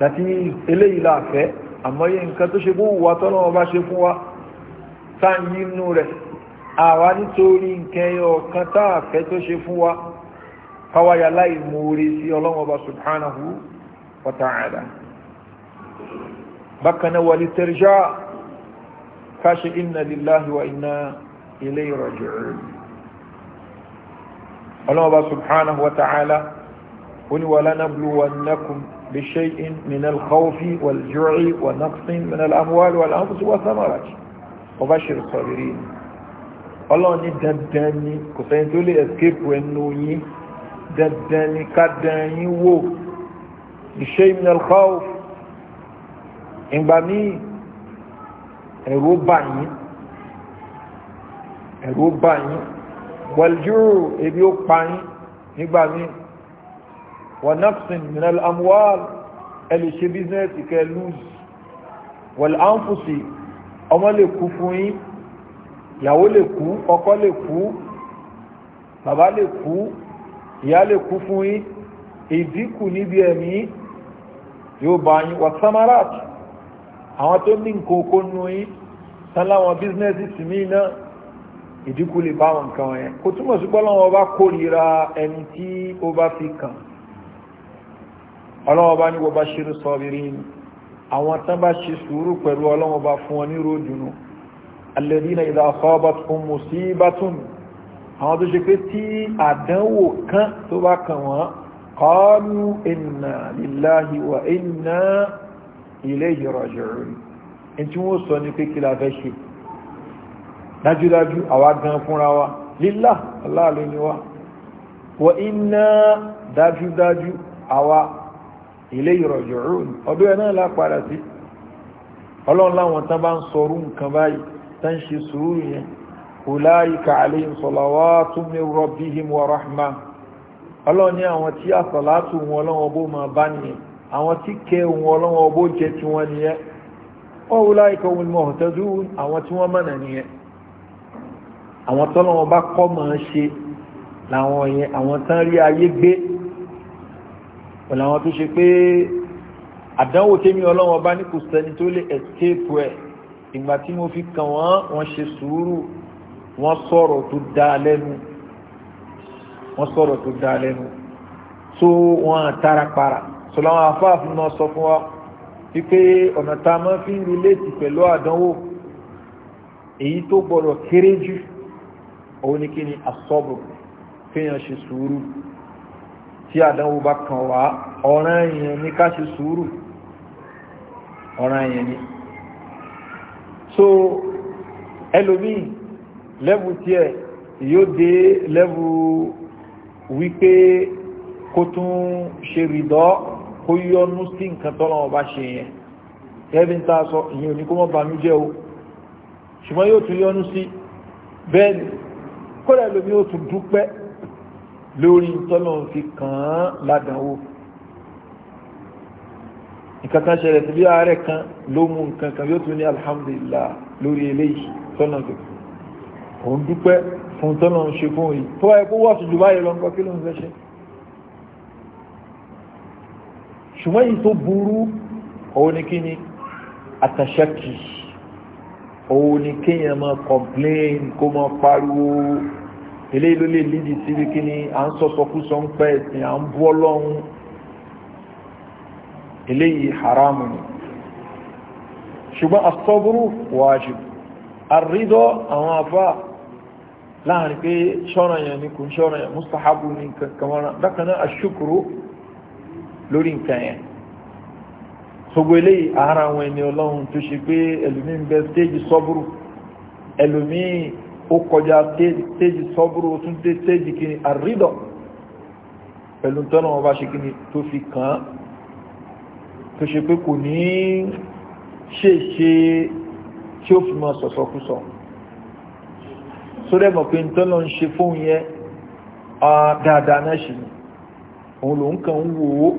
láti eléyìí láàfẹ́ àmọ́yé nǹkan tó ṣe bó wùwá tọ́lọ́wọ́ bá ṣe fún wa sáàyí inú láì mú orí sí ọlọ́wọ́ bá subhanahu wa ta'ala bákanáà wà lè tẹ̀rẹ̀ṣá káṣe iná líláhi wa iná ilé ìrọ̀jẹ̀ ọlọ́mọba subhanahu wa ta'ala wani wà lánàblu wa nakun bí ṣe'in min alkhawfi wal juri wa naqsin min al'amwal wal anfus wa samarat wa bashir sabirin ọlọ́run ní dandan ni kò sẹ́yìn tó lè ni ká dan yín ìgbà míì ẹ̀rù bà yín ẹ̀rù bà yín wàlùjúrù ebi ó pa yín nígbà míì wànáfsìn minal amwal ẹlẹ́ ṣe bíznẹ́sì kẹ lùz wàlùánfùsì ọmọ lè kú fún yín ìyàwó lè kú ọkọ lè kú bàbá lè kú ìyá lè kú fún yín ìdínkù níbi ẹ̀mí yóò bá yín wàtsámáràtì àwọn tó ní nǹkan oko nù yín tán láwọn bísínẹ́sì tì mí náà ìdínkù lè bá wọn nǹkan yẹn kò túmọ̀ sí pé ọlọ́wọ́n bá kórìíra ẹni tí ó bá fi kàn ọlọ́wọ́n bá ní wọ́n bá ṣerú sọ́ọ́bìrì ni àwọn tán bá ṣe sùúrù pẹ̀lú ọlọ́wọ́n bá fún wọn ní ròdùnú alẹ́dínà ìdá ọ̀sọ́ọ́bà tún mú sí bátún àwọn tó ṣe pé tí àdánwò kan tó bá kàn wọ́n kọ́ọ́nù ìnà líláhi ilayhi raji'un ní tí wọ́n sọ ní pé kí la fẹ́ ṣe dájúdájú àwa gan fúnra wa lílá aláàlú ni wa wa inna dájúdájú àwa ilayhi raji'un ọdún ẹ̀ náà lápàdà sí ọlọ́run láwọn tán bá ń sọrú nǹkan báyìí tán ṣe sùúrù yẹn ulaika alayhim salawatu min rabbihim wa rahma ọlọ́run ní àwọn tí àsàlátù wọn ọlọ́run ọbọ̀ máa bá nìyẹn àwọn tí kẹ ohun ọlọ́wọ́ ọbó jẹ tí wọ́n nìyẹn ọ̀hún láìkọ́ ohun mọ̀ ọ̀tọ́jú àwọn tí wọ́n mọ̀nà nìyẹn àwọn tọ́lọ́wọ́ bá kọ́ mọ̀ ń ṣe làwọn yẹn àwọn tán rí ayé gbé pẹ̀lú àwọn tó ṣe pé àdánwò tèmi ọlọ́wọ́ bá ní kò sẹ́ni tó lè escape ẹ̀ ìgbà tí mo fi kàn wọ́n wọ́n ṣe sùúrù wọ́n sọ̀rọ̀ tó dáa lẹ́nu wọ́n sọ̀rọ̀ tó dáa lẹ́nu tó wọ́n tara para sọláwọn afáàfin náà sọ fún wa wípé ọ̀nà tá a máa fi ń relate pẹ̀lú àdánwò èyí tó gbọ́dọ̀ kéré jù òun ni kí ni asọ́bù kéèyàn ṣe sùúrù tí àdánwò bá kàn wá ọ̀ràn èèyàn ní ká ṣe sùúrù ọ̀ràn èèyàn ni so ẹlòmíì lẹ́bù tiẹ̀ yóò dé lẹ́bù wípé kó tún ṣe rìdọ́ kó yọnu sí nǹkan tọ́lọ́ wọn ṣe yẹn ẹbí ń ta sọ ìyẹn ò kó mọ́ bàmí jẹ́ o ṣùgbọ́n yóò tún yọnu sí bẹ́ẹ̀ ni kódà lómi yóò tún dúpẹ́ lórí tọ́lọ́ fi kàn án ládàáwò nǹkan kan ṣẹlẹ̀ sí bí ààrẹ kan ló mú nǹkan kan yóò tún ní alhamdulillah lórí eléyìí tọ́lọ́ fi òun dúpẹ́ fún tọ́lọ́ ń ṣe fún yìí tó wáyé kó wọ́ọ̀sì jù báyìí lọ́nkọ́ kí ló ń fẹ́ ṣe. ṣùgbọ́n yìí tó burú òun ni kíni àtàṣẹ́kì òun ni kéèyàn máa complain kó máa pariwo eléyìí ló lè lídì síbi kíni à ń sọ̀sọ̀kúsọ ń pẹ́ ẹ̀sìn à ń bú ọlọ́run eléyìí haramu ni ṣùgbọ́n asọ́bùrù wájib àrídọ́ àwọn afá láàrin pé ṣọ́ranyàn ni kò ń ṣọ́ranyàn mustahabu ni kankan wọn dákanáà aṣukuru lórí nǹkan yẹn gbogbo eléyìí ara àwọn ẹni ọlọ́run tó ṣe pé ẹlòmí ń bẹ stéèjì sọ́búrù ẹlòmí ó kọjá stéèjì sọ́búrù ó tún dé stéèjì kìíní àrídọ̀ pẹ̀lú tọ́nà wọn bá ṣe kìíní tó fi kàn án tó ṣe pé kò ní ṣèṣe tí ó fi mọ sọ̀sọ̀kúsọ sódẹ̀ mọ̀ pé tọ́nà ń ṣe fóun yẹn dáadáa náà ṣì ni òun lòun kàn ń wò ó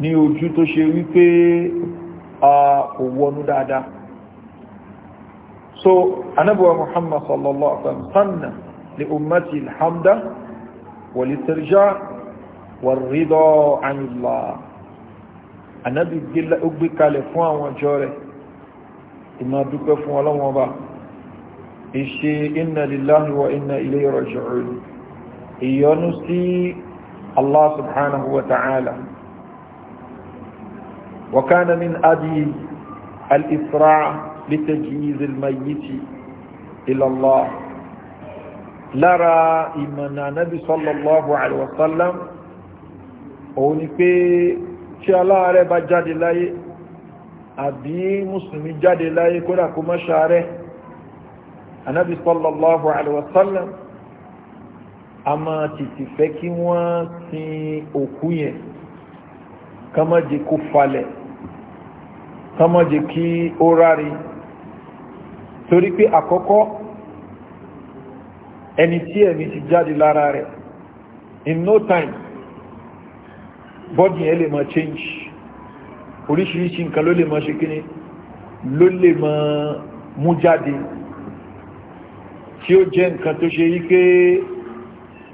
ní ojú tó ṣe wípé kò wọnú dáadáa so anábíwa muhammad sallallahu alaihi wasallam sanna li ummati alhamda wa li tirja wa ridha anillah anábí gbé kalẹ̀ fún àwọn ọjọ́ rẹ̀ ìmá dúpẹ́ fún ọlọ́wọ́n bá ìṣe inna lillahi wa inna ilayhi raji'un ìyọnú sí allah subhanahu wa ta'ala وكان من أبي الإسراع لتجهيز الميت إلى الله lára ìmọ̀nà nábi sallallahu alaihi wasallam òun ni pé tí aláàrẹ bá jáde láyé àbí mùsùlùmí jáde láyé kódà kó mọ́ ṣàárẹ́ anábi sallallahu alaihi wasallam a máa tìtì fẹ́ kí wọ́n sin òkú yẹn ká má jẹ́ kó falẹ̀ kọmọ́jì kí ó ráre torí pé àkọ́kọ́ ẹni tí ẹ̀mí ti jáde lára rẹ̀ in no time bọ́dì ẹ lè máa change oríṣiríṣi nǹkan ló lè máa ṣe kíní ló lè máa mú jáde tí ó jẹ́ nǹkan tó ṣe yí pé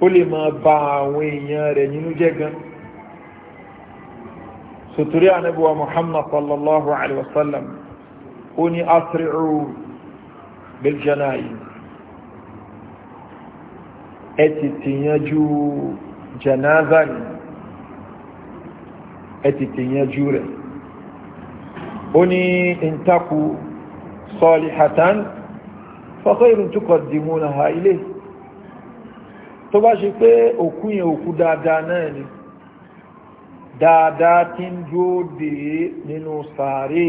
ó lè máa ba àwọn èèyàn rẹ̀ nínú jẹ́ gan-an sotori anabiwa muhammad sallallahu alaihi wasallam ó ní asri'u bil janayiz ẹ tètè yanjú janaza ni ẹ tètè yanjú rẹ̀ ó ní intaku salihatan fa khayrun tuqaddimunaha ilayhi tó bá ṣe pé òkú yẹn òkú dáadáa náà ni dáadáa tí ń dúó dè nínú sàárè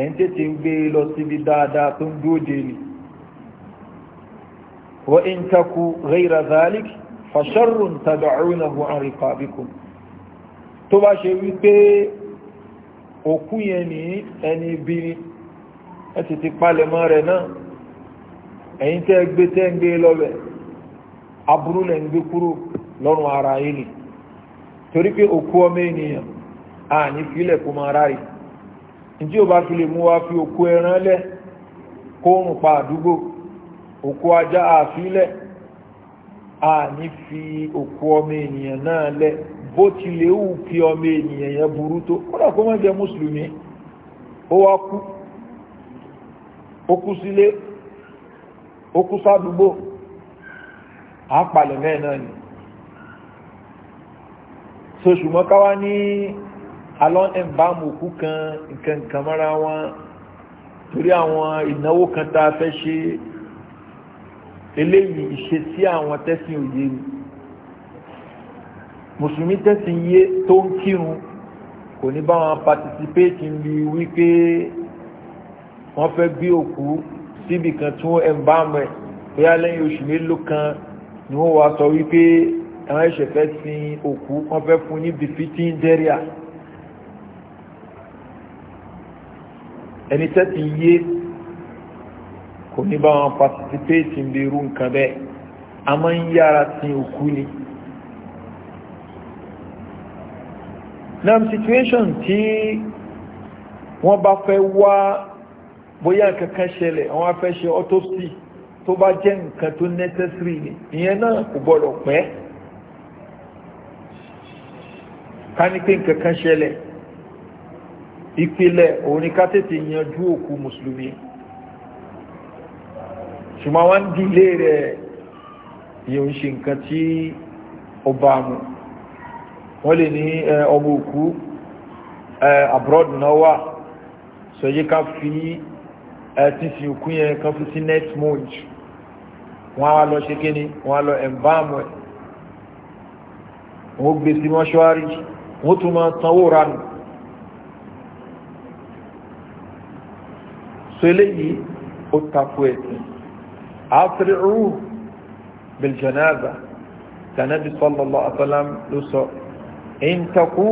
ẹ̀ ń tètè ń gbé e lọ síbi dáadáa tó ń dúó dè ní wa in taku ghayra zalik fasharrun tad'unahu an riqabikum tó bá ṣe wípé òkú yẹn ní ẹni ibi ni ẹ ti ti palẹ̀mọ́ rẹ̀ náà ẹ̀yin tẹ́ gbé tẹ́ ń gbé lọ́rùn ara yìí torí pé òkú ọmọ ènìyàn a ní fílẹ̀ kó máa ráre tí ó bá fi lè mú wa fi òkú ẹran lẹ̀ pa àdúgbò òkú ajá àfílẹ̀ a ní fi òkú ọmọ ènìyàn náà lẹ̀ bó tilẹ̀ wù kí ọmọ ènìyàn yẹn burú tó kódà kó má jẹ́ mùsùlùmí ó wá kú ó kú sílé ó kú sádùúgbò náà ni so ṣùgbọ́n káwá ní alọ́n ẹ̀mbámu òkú kan nǹkan nǹkan mọ́ra wọn torí àwọn ìnáwó kan tá a fẹ́ ṣe eléyìí ìṣe sí àwọn tẹ́sìn òye ni mùsùlùmí tẹ́sìn yé tó ń kírun kò ní bá wọn patisipéètì ń bi wípé wọ́n fẹ́ gbé òkú síbì kan tún ẹ̀mbámu ẹ̀ bóyá lẹ́yìn oṣù mélòó kan ni wọ́n wá sọ wípé àwọn ẹ̀ṣẹ̀ fẹ́ sin òkú wọ́n fẹ́ fún ní befitting deria ẹni tẹ́tì yé kò ní bá wọn participate ń bẹ̀rù nǹkan bẹ́ẹ̀ a máa ń yára sin òkú ni. na situation tí wọ́n bá fẹ́ wá bóyá nǹkan kan ṣẹlẹ̀ àwọn afẹ́ ṣe autopsy tó bá jẹ́ nǹkan tó necessary ni ìyẹn náà kò gbọ́dọ̀ pẹ́ ká ní pé nǹkan kan ṣẹlẹ̀ ìpìlẹ̀ òun ni ká tètè yanjú òkú mùsùlùmí ṣùgbọ́n wọ́n ń dílé rẹ̀ yóò ṣe nǹkan tí ó bá mu wọ́n lè ní ọmọ òkú abroad náà wà sọ yé ká fi ẹtísì òkú yẹn kan fi sí next month wọ́n á lọ ṣe kíni wọ́n á lọ embalm ẹ̀ wọ́n gbé sí mọ́ṣúárì yìí wọ́n tún máa sanwó ra nù so eléyìí ó takò ẹ̀sìn àfẹ́rẹ́rù bìljanaza tànàbí sallallahu alaihi wasallam ló sọ in takú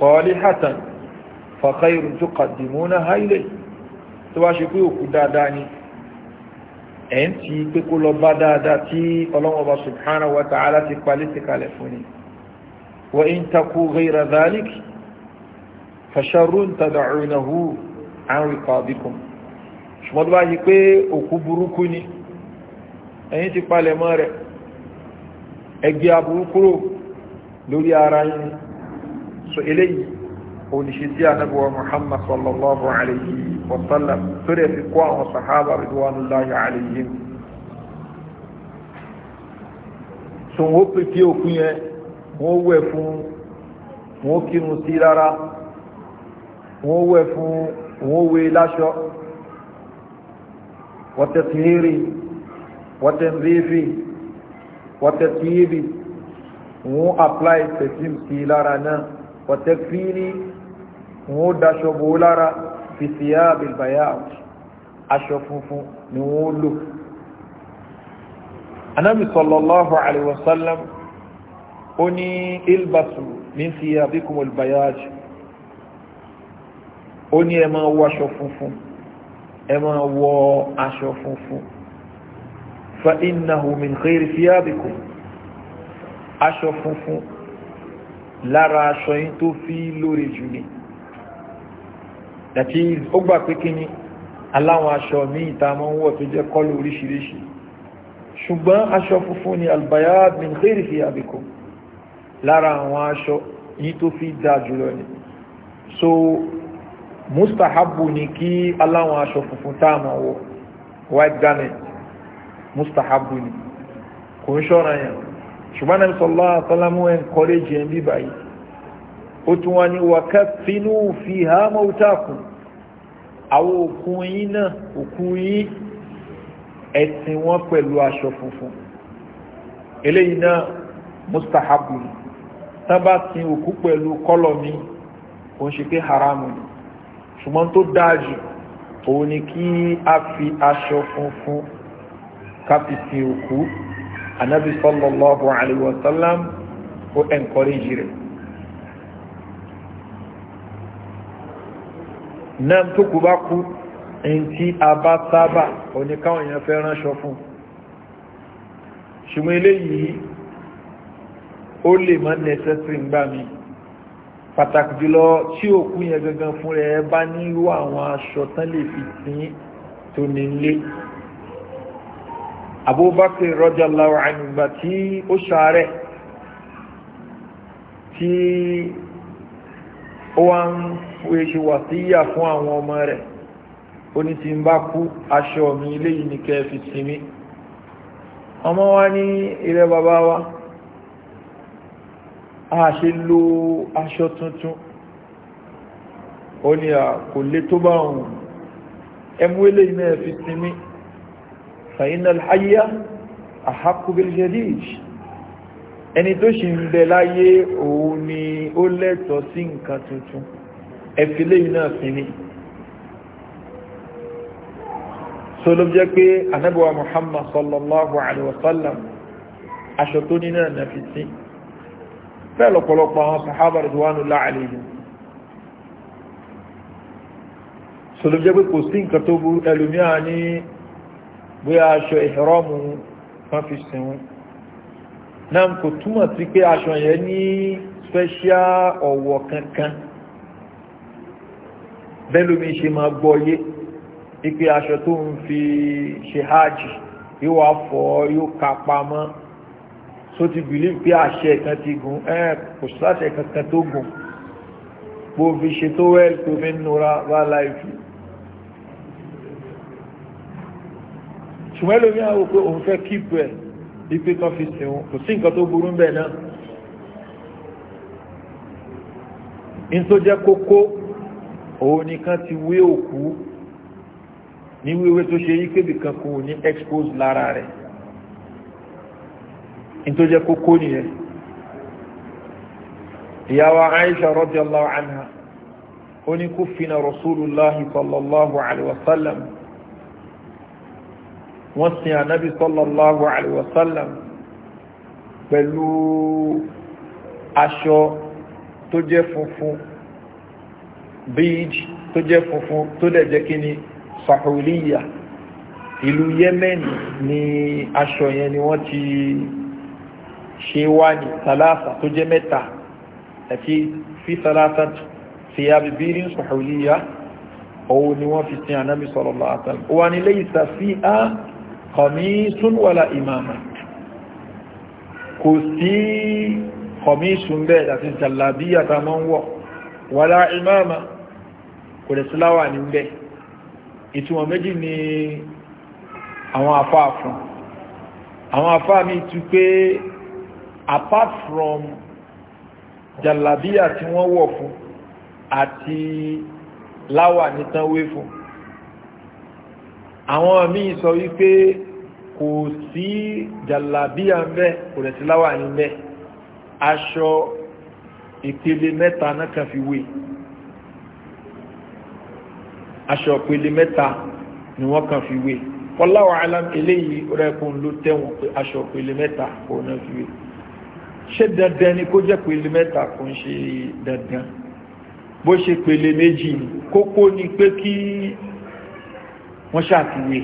salihatan fa khayrun tuqaddimunaha ilayhi tó bá ṣe pé òkú dáadáa ni ẹ̀ ń ti pé lọ bá dáadáa tí ọlọ́wọ́ bá subhanahu wa ta'ala ti palẹ́ ti kalẹ̀ fún ni وإن تكو غير ذلك فشر تدعونه عن رقابكم ṣùgbọ́n tó bá yí pé òkú burúkú ni ẹ̀yin ti palẹ̀ mọ́ rẹ̀ ẹgbẹ́ aburúkúrò lórí ara yìí so eléyìí oníṣẹ́ sí anábọ̀wọ̀ Muhammad sallallahu alayhi wa sallam tó rẹ̀ fi kó àwọn sahaba ridwanullahi alayhim so wọ́n pèpè òkú yẹn wọ́n wẹ̀ fún wọ́n kírun sí rárá wọ́n wẹ̀ fún wọ́n wé láṣọ wọ́tẹ̀tíhìrì wọ́tẹ̀ndífì wọ́tẹ̀tíhìrì wọ́n apply pẹ̀sìm sí lára náà wọ́tẹ̀fíìrì wọ́n daṣọ bò lára fi síyá bilbaya aṣọ funfun ni wọ́n lò anábì alaihi wasallam ó ní ilbasu min thiyabikum albayaj ó ní ẹ máa wọ aṣọ funfun ẹ máa wọ aṣọ funfun fa innahu min khayri thiyabikum aṣọ funfun lára aṣọ yín tó fi lórí jù ní dàtí ó gbà pé kí ni aláwọn aṣọ míì tá a máa ń wọ̀ tó jẹ́ ṣùgbọ́n aṣọ funfun ni albayad min khayri thiyabikum lára àwọn aṣọ yí tó fi dá jùlọ ni so mustahabu ni kí aláwọn aṣọ funfun táàmà wọ white garment mustahabu ni kò ń ṣọ́ra yẹn ṣùgbọ́n náà sọ́lá àtàlámú ẹ̀ ń kọ́lẹ́jì ẹ̀ ń bí báyìí ó tún wá ní wàkà tínú fi ha mọ́tàkùn àwọn òkú yín náà òkú yín ẹ̀sìn wọn pẹ̀lú aṣọ funfun eléyìí náà mustahabu ni tábà sin òkú pẹ̀lú kọ́lọ̀ mi kò ń ṣe pé haramu ni ṣùgbọ́n tó dáa òun ni kí a fi aṣọ funfun ká òkú anabi sallallahu alayhi wa sallam ó encourage rẹ̀. náà tó kú bá kú ẹni tí a bá sábà oníkáwọn èèyàn fẹ́ ránṣọ fún ṣùgbọ́n eléyìí ó lè má necessary ńgbà mi pàtàkì jùlọ tí òkú yẹn gangan fún rẹ bá ní irú àwọn aṣọ tán lè fi tìyín tó ní lé Abubakar radiyallahu anhu ìgbà tí ó ṣàárẹ̀ tí ó wá ń ṣe wàsíyà fún àwọn ọmọ rẹ̀ ó ní tí ń bá kú aṣọ mi léyìí ní kẹ́ sinmi ọmọ wa ní ilẹ̀ bàbá wa a ṣe lo aṣọ tuntun ó ní a kò lè tó bá òun ẹmú ilé iná ẹ̀fi sinmi fàyínà láyá àhákùbẹ̀lẹ́dìj ẹni tó ṣì ń bẹ láyé òun ni ó lẹ́tọ̀ọ́ sí nǹkan tuntun ẹ̀fi ilé iná sinmi tó ló jẹ́ pé anábọ̀wà muhammad sallallahu alaihi wasallam aṣọ tó ní náà na fi bẹ́ẹ̀ lọ́pọ̀lọpọ̀ àwọn sàhábà ridwanullahi alayhim sọlọ jẹ́ pé kò sí nǹkan tó burú ẹlòmíà ní bóyá aṣọ ìhẹ́rọ́mù kan fi sìnwó náà kò túmọ̀ sí pé aṣọ yẹn ní special ọ̀wọ̀ kankan bẹ́ẹ̀ ṣe máa gbọ́ yé ipe aṣọ tó ń fi ṣe hajj yóò wá fọ́ yóò kápá mọ́ so ti believe pé àṣẹ kan ti gùn ẹ kò sáṣẹ kankan tó gùn bó fi ṣe tó wẹ́ẹ̀ tó fi ń nura bá láìfì ṣùgbọ́n lómi àwọn pé òun fẹ́ kíp ẹ̀ ipe kan fi sìn kò sí nǹkan tó burú bẹ́ẹ̀ náà in tó jẹ́ kókó òun nìkan ti wé òkú ní wíwé tó ṣe yí kébìkan kò ní expose lára rẹ̀ tó jẹ́ kókó nìyẹn ìyàwó Aisha radiyallahu anha ó ní kufina rasulullahi sallallahu alaihi wasallam wọ́n sin ànábì sallallahu alaihi wasallam pẹ̀lú aṣọ tó jẹ́ funfun bíj tó jẹ́ funfun tó dẹ̀ jẹ́ kí ni sahuliya ìlú yemen ni aṣọ yẹn ni wọ́n ti ṣe wá ní tàlásà tó jẹ́ mẹ́ta àti fi tàlásà ti ya bí bí rín sọ̀hùlíyà òun ni wọ́n fi sin ànábì sallallahu alaihi wasallam wà ní lẹ́yìn sàfí á kọ̀míṣún wàlá ìmàmà kò sí kọ̀míṣún bẹ́ẹ̀ àti jàlàbíyà ta mọ́ ń wọ̀ wàlá ìmàmà kò dẹ̀ sí ní bẹ́ẹ̀ ìtumọ̀ méjì ni àwọn afáàfún àwọn afáàmì tún pé apart from jalabiya tí wọ́n wọ̀ fún àti láwà nìtàn wé fún àwọn míì sọ wípé kò sí jalabiya ń bẹ kò lè sí láwà yìí ń bẹ aṣọ ìpele mẹ́ta náà kan fi wé aṣọ ìpele mẹ́ta ni wọ́n kan fi wé wallahu alam eléyìí rẹ̀ kún ló tẹ̀wọ̀n pé aṣọ ìpele mẹ́ta kò náà fi wé ṣe dandan ni kó jẹ́ pele mẹ́ta kò ń ṣe dandan bó ṣe pele méjì ni kókó ni pé kí wọ́n ṣàfiwé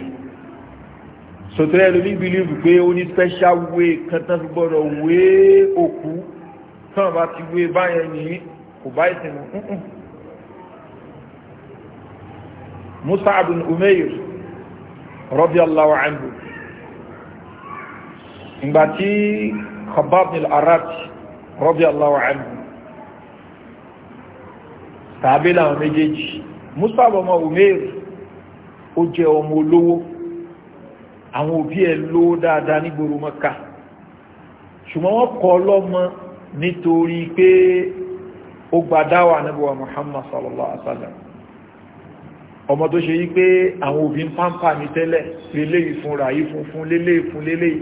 sọ̀tẹ́rẹ́ lórí bílíìfù pé ó ní special way kan tán fi gbọ́dọ̀ wé òkú tán bá ti wé báyẹn ní kò bá ìsìn mú Mus'ab bin Umair radiyallahu anhu ìgbà tí Khabbab bin al-Arabi radiyallahu anhu tàbí làwọn méjèèjì Mus'ab ọmọ Umair ó jẹ́ ọmọ olówó àwọn òbí ẹ̀ lówó dáadáa nígboro Mẹ́kà ṣùgbọ́n wọ́n kọ́ lọ́mọ nítorí pé ó gba dáwà níbọ̀wà Muhammad sallallahu alaihi wasallam ọmọ tó ṣe yí pé àwọn òbí ń pàǹpà ní tẹ́lẹ̀ lélẹ́yìí fúnra yìí funfun lélẹ́yìí fún lélẹ́yìí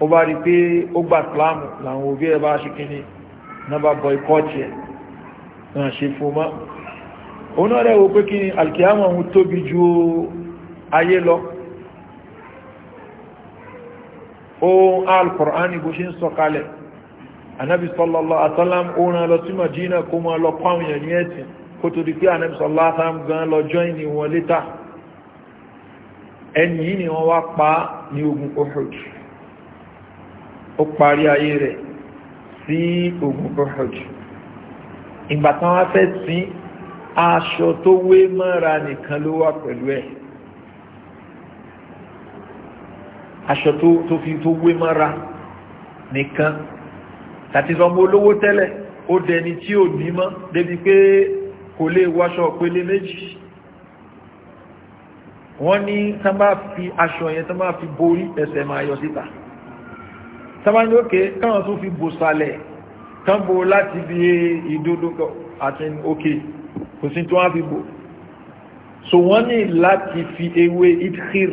ó bá rí pé ó gba sílámù làwọn òbí ẹ̀ bá ṣe kíní náà bá bọ ikọ́ tiẹ̀ náà ṣe fún mọ́ òun náà rẹ̀ wo pé kí alkiyama ń tóbi ju ayé lọ ohun alkùránì bó ṣe ń sọ kalẹ̀ anábi sallallahu asalam òun lọ sí Madina kó mọ́ lọ pàwọn èèyàn ní ẹ̀sìn kó tó ni wọn létà ẹni ó parí ayé rẹ̀ sí ogun Uhud ìgbà tán wá fẹ́ sí aṣọ tó wé mọ́ra nìkan ló wà pẹ̀lú ẹ̀ aṣọ tó fi tó wé mọ́ra nìkan tàti sọmọ olówó tẹ́lẹ̀ ó dẹni tí ò ní mọ́ débi pé kò lè wáṣọ pélé méjì wọ́n ní tán fi aṣọ yẹn tán fi borí ẹsẹ̀ máa yọ síta. Si sábàáyé òkè káwọn tó fi bò sálẹ̀ kánbò láti bí ìdodo àti òkè kò sí tó wá fi bò so wọ́n ní láti fi ewe idhir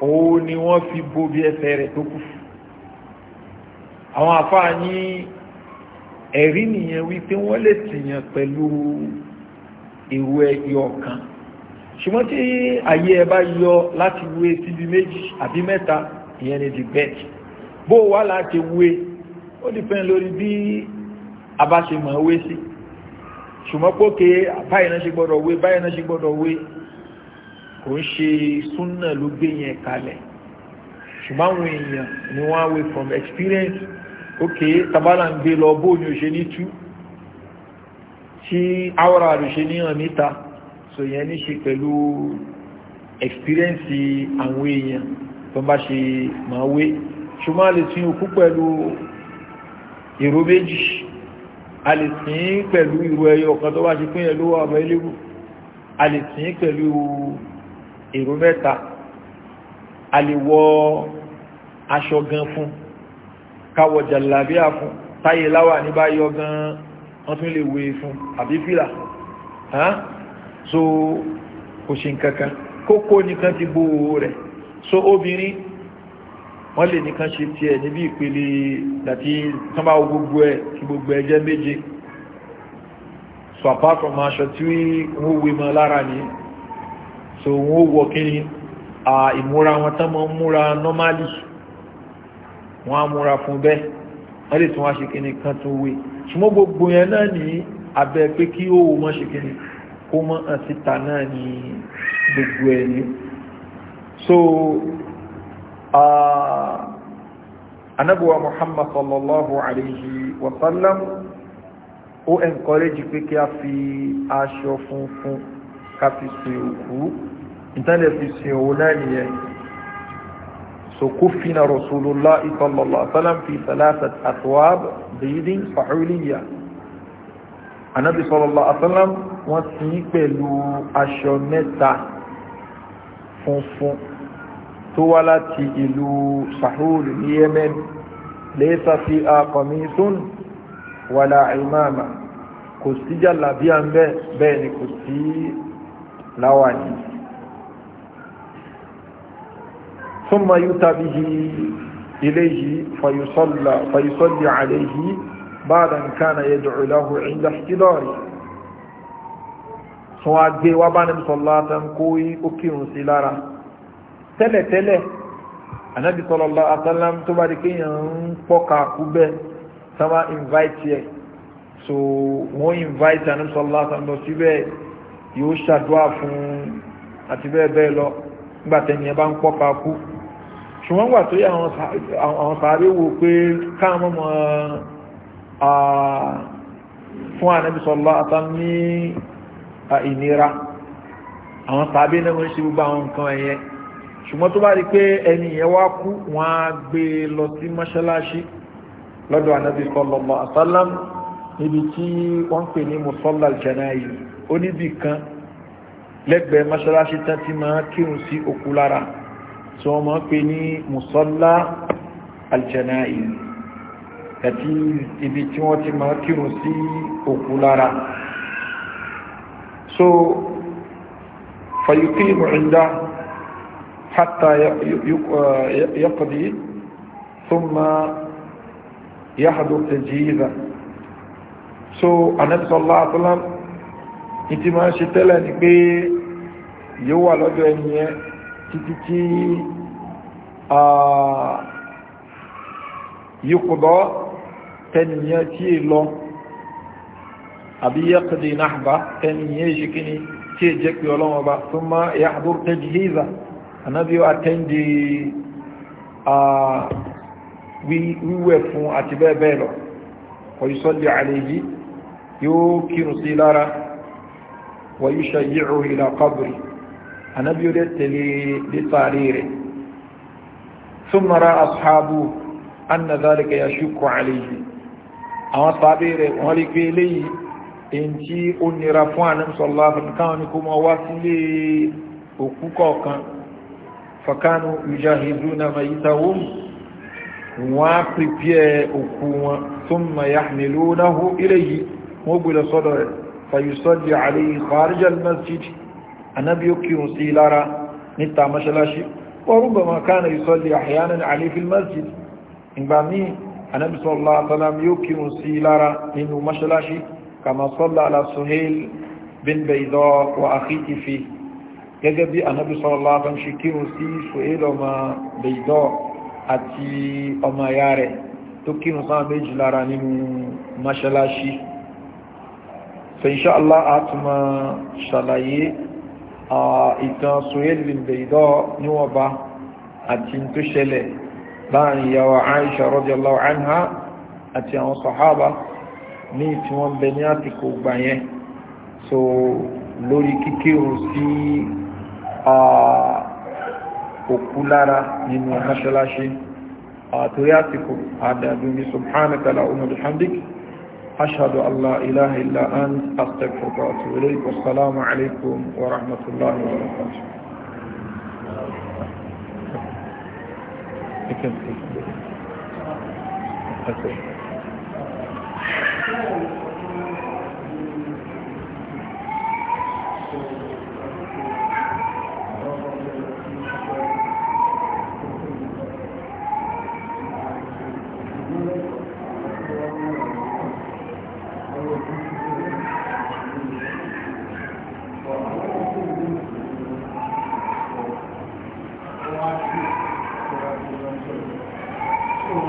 òun ni wọ́n fi bò bí ẹsẹ̀ rẹ̀ tó kù àwọn àfáà ní ẹ̀rí nìyẹn wípé wọ́n lè tìyàn pẹ̀lú ewé ẹyọ kan ṣùgbọ́n tí ayé ẹ bá yọ láti wé síbi méjì àbí mẹ́ta ìyẹn ni the best bó wà láti wé ó dìpẹ́ lórí bí a bá ṣe mọ̀ wé sí ṣùgbọ́n pókè báyìí náà ṣe gbọ́dọ̀ wé báyìí náà ṣe gbọ́dọ̀ wé kò ń ṣe súnà ló gbé yẹn kalẹ̀ ṣùgbọ́n èèyàn ni wọ́n wé from experience ókè tabala ń gbé lọ bó ni ò ṣe ní tú tí awọ́ra rẹ̀ ṣe ní hàn níta so yẹn ní ṣe pẹ̀lú experience àwọn èèyàn tó ń bá ṣe máa wé ṣùgbọ́n a lè sin òkú pẹ̀lú ìró méjì a lè sin pẹ̀lú ìró ẹyọ kan tó bá ṣe pín ẹlú àmọ́ eléwu a lè sin pẹ̀lú ìró mẹ́ta a lè wọ aṣọ gan fún káwọ jàlábíà fún táyé láwà ní bá yọ gan wọ́n tún lè wé fún àbí fìlà so kò ṣe nǹkan kan kókó nìkan ti gbòòrò rẹ̀ so obìnrin wọ́n lè nìkan ṣe ti ẹ̀ níbi ìpele àti tánbà gbogbo ẹ̀ kí gbogbo ẹ̀ jẹ́ méje so apart from aṣọ tí wọ́n wé mọ́ lára ní so wọ́n wọ kíni à ìmúra wọn tán mọ́ múra normally wọ́n á múra fún bẹ́ẹ̀ wọ́n lè tún wá ṣe kíni kan tún wé ṣùgbọ́n gbogbo yẹn náà ní abẹ́ pé kí ó mọ́ ṣe kíni kó mọ́ àti tà náà ní gbogbo ẹ̀ ní so anabuwa ah, muhammad sallallahu alayhi wa sallam ó encourage pé kí a fi aṣọ funfun ká fi sin òkú ìtànlẹ̀ fi sin òun náà nìyẹn so kufina rasulullah sallallahu alayhi wa sallam fi thalathat atwab bidin fa'uliyya anabi sallallahu alayhi wa sallam wọ́n sin pẹ̀lú aṣọ mẹ́ta funfun tó wá láti ìlú sahul ní yemen laysa fiha qamisun wala imama kò sí jàlábíà ń bẹ́ bẹ́ẹ̀ ni kò sí láwàní thumma yuta bihi ilayhi fayusalla fayusalli alayhi ba'da an kana yad'u lahu 'inda ihtidari sọ wá gbé wá bá Nabi sallallahu alaihi wasallam kó kírun sí lára tẹ́lẹ̀tẹ́lẹ̀ anabi sallallahu alaihi wasallam tó bá di kéèyàn ń pọ́ka kú bẹ́ẹ̀ sábà invite yẹ so wọ́n invite anabi sallallahu alaihi wasallam lọ síbẹ̀ yóò ṣàdúrà fún àti bẹ́ẹ̀ bẹ́ẹ̀ lọ nígbà tẹ̀yìn bá ń pọ́ka kú ṣùgbọ́n wà tó yẹ àwọn sàárè wo pé káàmọ́ mọ́ fún ànábì sallallahu alaihi wasallam ní ìnira àwọn sàárè náà wọ́n ṣe gbogbo àwọn nǹkan ẹ̀yẹn ṣùgbọ́n tó bá rí pé ẹni yẹn wá kú wọ́n á gbé e lọ sí mọ́ṣáláṣí lọ́dọ̀ ànábì sallallahu alaihi wasallam níbi tí wọ́n ń pè ní musalla al-janayi oníbì kan lẹ́gbẹ̀ẹ́ mọ́ṣáláṣí tán ti máa kírun sí òkú lára tí wọ́n máa ń pè ní musalla al-janayi àti ibi tí wọ́n ti máa kírun sí òkú lára so fayuqimu inda حتى يقضي ثم يحدث تجهيزا so anabi sallallahu alaihi wasallam iti ma ṣe tẹ́lẹ̀ ni pé yóò wà lọ́dọ̀ ẹni yẹn títí tí yíkùdọ́ tẹniyàn tí è lọ àbí yẹ́kùdì náà bá tẹniyàn ìṣẹ́kíní tí è jẹ́ pé ọlọ́wọ́ bá yahdur tajhiza anábí ó àtẹ́ndì wíwẹ̀ fún àti bẹ́ẹ̀ bẹ́ẹ̀ lọ ọ̀yíṣọ́lì àlèyí yóò kírùn sí lára wàyíṣẹ́ yíò ìlà kọbùrì anábí ó tẹ̀lé lítàrí rẹ̀ súnmọ́ra asáàbù annazalika ya ṣukọ̀ àlèyí àwọn tàbí rẹ̀ wọ́n rí pé léyìí èyí tí ó nira fún ànẹ́mùsọ̀lá fún káwọn ní mọ́ wá sílé òkú kọ̀ọ̀kan fakanu yujahiduna maytahum wọ́n á pípẹ́ òkú wọn thumma yahmilunahu ilayhi wọ́n gbé lọ sọ́dọ̀ rẹ̀ fayusalli alayhi kharija al-masjid anábí ó kírun sí lára níta mọ́ṣáláṣí وربما كان يصلي احيانا عليه في المسجد انبامي النبي صلى الله عليه وسلم يوكي سيلارا من مشلاشي كما صلى على سهيل بن بيضاء واخيه gẹ́gẹ́ bí anábì sallallahu alaihi wasallam ṣe kírun sí Suhail ọmọ Baydọ̀ àti ọmọ ìyá rẹ̀ tó kírun sáà méjì lára nínú mọ́ṣáláṣí so insha Allah àtúmọ̀ ṣàlàyé ìtàn Suhail bin Baydọ̀ níwọ̀nba àti tó ṣẹlẹ̀ láàrin ìyàwó Aisha radiyallahu anha àti àwọn sàhábà ní tí wọ́n bẹ ní àtìkò gbà yẹn so lórí kíkírun sí okulara lára nínú mọ́ṣáláṣí àtúrí àtìkù àdàdúnbí subhanaka lahumma bihamdik ashhadu an la ilaha illa ant astaghfiruka wa atubu ilayk wa assalamu alaykum wa rahmatullahi wa barakatuh I can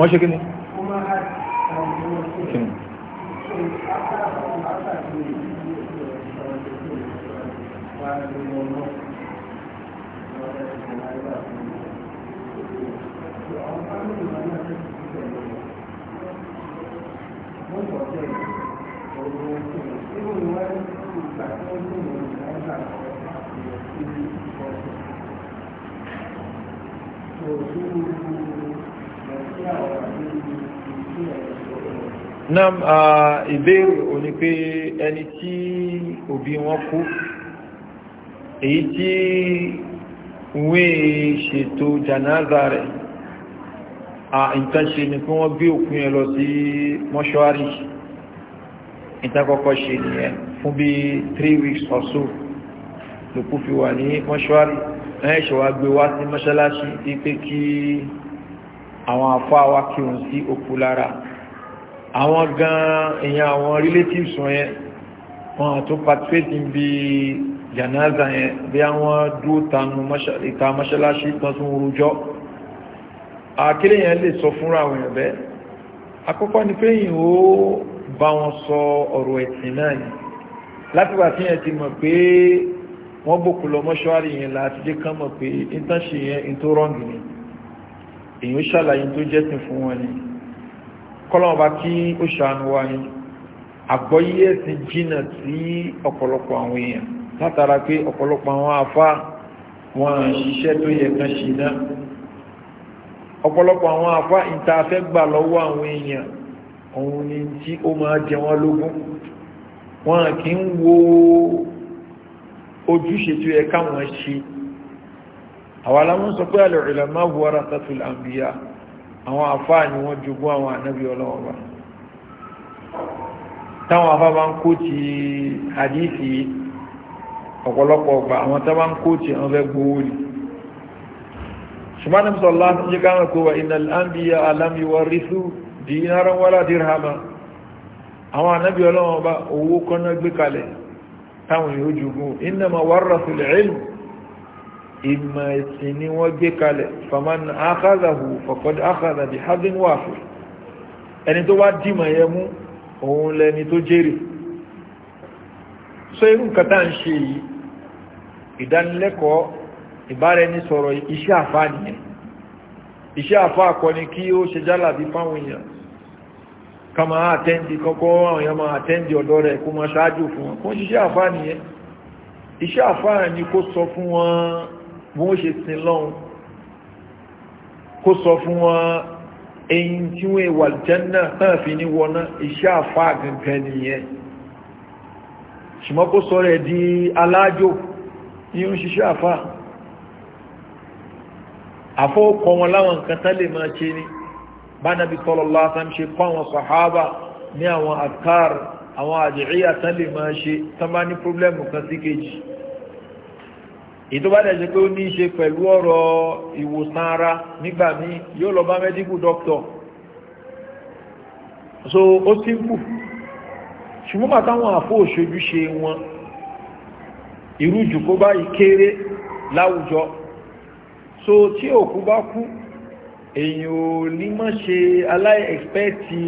wọ́n ṣe kí ni nam ìbéèrè òní pé ẹni tí òbí wọn kú èyí tí wọ́n ṣètò jànáza rẹ̀ ìtànṣe ni pé wọ́n gbé òkú yẹn lọ sí mọ́ṣúárì ìtàkọ́kọ́ ṣe nìyẹn fún bí 3 weeks or so lòkú fi wà ní mọ́ṣúárì ẹ̀ṣẹ̀ wa gbé wá sí mọ́ṣáláṣí pé kí àwọn afọ́ àwákìrùn sí òkú lára àwọn gan èèyàn àwọn relatives wọn yẹn wọn àtún participate in bí janaza yẹn bí àwọn dúró tanu ìta mọ́ṣáláṣí tán tún rojọ́ àkílẹ̀ yẹn lè sọ fúnra àwọn èèyàn bẹ́ẹ̀ àkọ́kọ́ ni pé yìí ó bá wọn sọ ọ̀rọ̀ ẹ̀sìn náà ni láti wà tí yẹn ti mọ̀ pé wọ́n bòkú lọ mọ́ṣúárì yẹn láti jẹ́ kán mọ̀ pé intanṣe yẹn tó rọ́ǹgì ni èyí ṣàlàyé tó jẹ́sìn fún wọn ni kọ́lọ́wọ́n bá kí ó ṣàánú wa ni àgbọ́yé ẹ̀sìn jìnnà sí ọ̀pọ̀lọpọ̀ àwọn èèyàn látara pé ọ̀pọ̀lọpọ̀ àwọn afá wọn ṣiṣẹ́ tó yẹ kan ṣì náà ọ̀pọ̀lọpọ̀ àwọn afá ìtafẹ́ gbà lọ́wọ́ àwọn èèyàn òun ni tí ó máa jẹ wọn lógún wọn kì ń wo ojúṣe tó yẹ káwọn ṣe àwọn aláwọn sọ pé al-ulama warathatul anbiya àwọn àfáà ni wọ́n jogún àwọn ànábì ọlọ́wọ́ bá táwọn afá bá ń kó ti àdíìsì ọ̀pọ̀lọpọ̀ ọgbà àwọn tá bá ń kó ti àwọn fẹ́ gbówó ni ṣùgbọ́n nípa sọ̀lá ń káwọn kó wa innal anbiya alam yuwarrisu dinaran wala dirhama àwọn ànábì ọlọ́wọ́ bá owó gbé kalẹ̀ táwọn yóò jogún ìmọ̀ ẹ̀sìn ni wọ́n gbé kalẹ̀ faman akhadahu faqad akhadha bi hadin wafir ẹni tó wá dìmọ̀ yẹ mú òun lẹni tó jèrè so irú nǹkan tá ń ṣe yìí ìdánilẹ́kọ̀ọ́ ìbáraẹnisọ̀rọ̀ iṣẹ́ àfáà nìyẹn iṣẹ́ àfáà kọ́ ni kí ó ṣe jálàbí fáwọn èèyàn ká máa àtẹ́ndì kọ́kọ́ àwọn èèyàn máa àtẹ́ndì ọ̀dọ́ rẹ̀ kó máa ṣáájú fún wọn kó ṣiṣẹ́ àfáà nìyẹn iṣẹ́ àfáà ni kó sọ fún wọn bí wọ́n ṣe sin lọ́hùn kó sọ fún wọn ẹyin tí wọ́n wà jẹ́nà náà fi ní wọná iṣẹ́ àfa àgbẹ̀gbẹ̀ nìyẹn ṣùgbọ́n kó sọ rẹ̀ di alájò ní ń ṣiṣẹ́ àfa àfọ́kọ́ wọn láwọn nǹkan tán máa ṣe ni bánabi sallallahu alaihi wasallam ṣe kọ́ àwọn sàhábà ní àwọn àkàr àwọn àdìríyà tán lè máa ṣe tán bá ní pírọ́blẹ́mù kan sí kejì ìtọ́bádẹ̀ ṣe pé ó ní í ṣe pẹ̀lú ọ̀rọ̀ ìwòsàn ara nígbà míì yóò lọ bá medical doctor so ó simple ṣùgbọ́n àtàwọn àfó òṣojúṣe wọn irú jùkó báyìí kéré láwùjọ so tí òkú bá kú èyàn ò ní mọ́ ṣe aláìẹ̀kpẹ́ẹ̀tì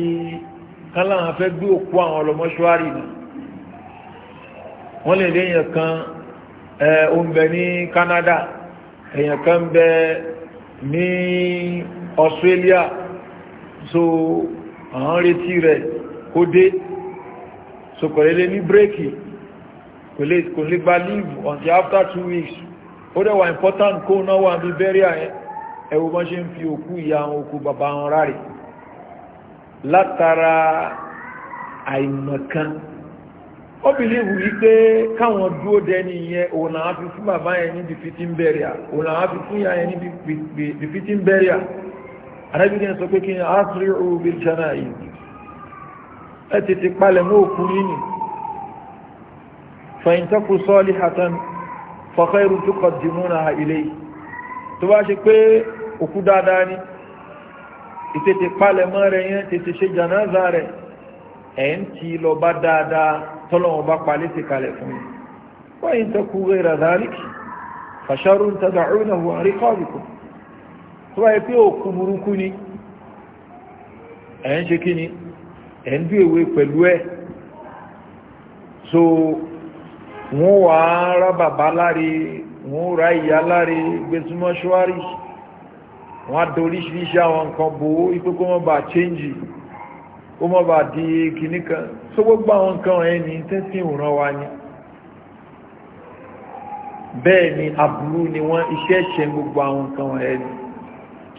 kan láwọn fẹ́ gbé òkú àwọn ọlọ́mọṣúárì ni wọ́n lè léyìn kan oúnbẹ ní Canada èyàn kan bẹ ní Australia so àwọn retí rẹ̀ kó dé so kọ̀lẹ́lẹ́ ní breaki kò lè gba leave until after two weeks ó dẹ̀ wà important kó náà wà ní bẹ́ríà ẹwọ bọ́n ṣe ń fi òkú ìyá àwọn òkú bàbá wọn rárẹ̀ látara àìmọ̀kan ó bìlíwù wípé káwọn dúó dẹni yẹn òun làwọn fi fún bàbá yẹn ní dìfitin bẹ́ríà òun làwọn fi fún yàyẹn ní dìfitin bẹ́ríà arábìnrin sọ pé kí ni asiri obi jana yìí ẹ tètè palẹ̀ mọ́ òkú nínú fẹ̀yìntẹ́kù sọ́ọ̀lì hatan fọ́kẹ́ irú tó kọ̀ dìmúnà ilé tó bá ṣe pé òkú dáadáa ni ìtètè palẹ̀ mọ́ rẹ̀ yẹn tètè ṣe jànáza rẹ̀ ẹ̀ ń ti lọ bá dáadáa tọ́lọ́wọ́n bá palẹ́ ti kalẹ̀ fún yìí wọ́n yìí ń tẹ́kù rẹ̀ dáríkì fàṣàrù ń tẹ́dà ọ̀rìnà wọn rí kọ́ọ̀bìkù tó bá yẹ pé òkú burúkú ni ẹ̀ ń ṣe kí ni ẹ̀ ń dú pẹ̀lú ẹ̀ so wọ́n wà á rá bàbá láre wọ́n rá ìyá láre gbẹ̀súmọ́ ṣúwárì wọ́n á doríṣiríṣi àwọn nǹkan bò ó ipé kó wọ́n bá change ó mọ́ bá di kìíní kan só gbogbo àwọn nǹkan ẹni tẹ́sí ìwòrán wa ni bẹ́ẹ̀ ni aburú ni wọ́n iṣẹ́ ṣe gbogbo àwọn nǹkan ẹni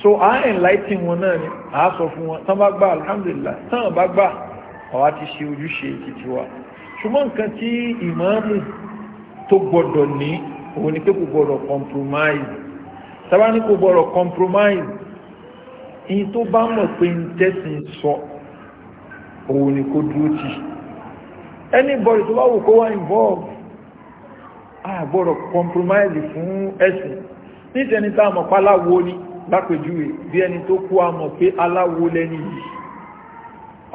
so a ń enlighten wọn náà ni a sọ fún wọn tán bá gbà alhamdulillah tán bá gbà àwa ti ṣe ojúṣe títí wa ṣùgbọ́n nǹkan tí ìmáàmù tó gbọ́dọ̀ ní òun ni pé kò gbọ́dọ̀ compromise sábà ní kò gbọ́dọ̀ compromise èyí tó bá mọ̀ pé ń tẹ́sìn sọ so òun ni kó dúró tì anybody tó bá wù kó wá involve a gbọ́dọ̀ compromise fún ẹ̀sìn nítẹni tá a mọ̀ pé aláwo ni lápèjúwe bí ẹni tó kú a mọ̀ pé aláwo lẹ́ni yìí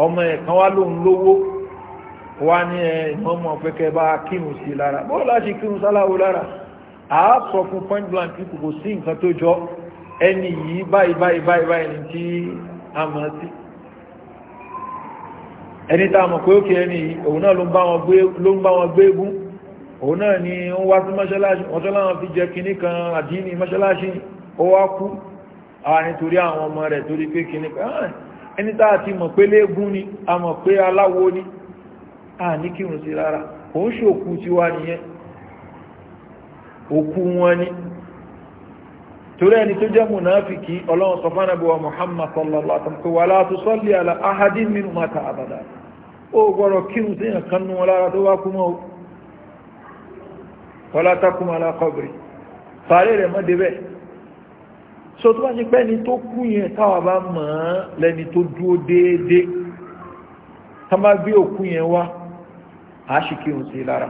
ọmọ ẹ̀ kan wá lóun lówó wá ní ẹ ìmọ̀mọ̀ pẹ́kẹ́ bá kírun sí lára bọ́ọ̀ láti kírun sáláwo lára a sọ fún point blank kí kò sí nǹkan tó jọ ẹni yìí báyìí báyìí báyìí báyìí ní tí a mọ̀ sí ẹni tá a mọ̀ pé òkè ẹni òun náà ló ń bá wọn gbé egún òun náà ni ó wá sí mọ́ṣáláṣí wọ́n tó láwọn fi jẹ kinní kan àdínì mọ́ṣáláṣí ó wá kú àwọn nítorí àwọn ọmọ rẹ̀ torí pé kinní kan ah, ẹni tá a ti mọ̀ pé léegun ni a mọ̀ pé aláwo ni a ní kírun torí ẹni tó jẹ́ mùnáfìkì ọlọ́run sọ fánàbíwa sallallahu alaihi wa sallam wala tusalli ala ahadin minhum mata abada ó gbọ́rọ̀ kírun sí ìyàn nù wọn lára tó wá kú mọ́ wọlá takùnmọ́ alákọ̀bìrì sàárè rẹ̀ mọ́ débẹ̀ so tó bá ti pẹ́ni tó kú yẹn táwa bá mọ̀ ọ́ lẹ́ni tó dúó déédéé tá bá gbé òkú yẹn wá a ṣì kírun sí lára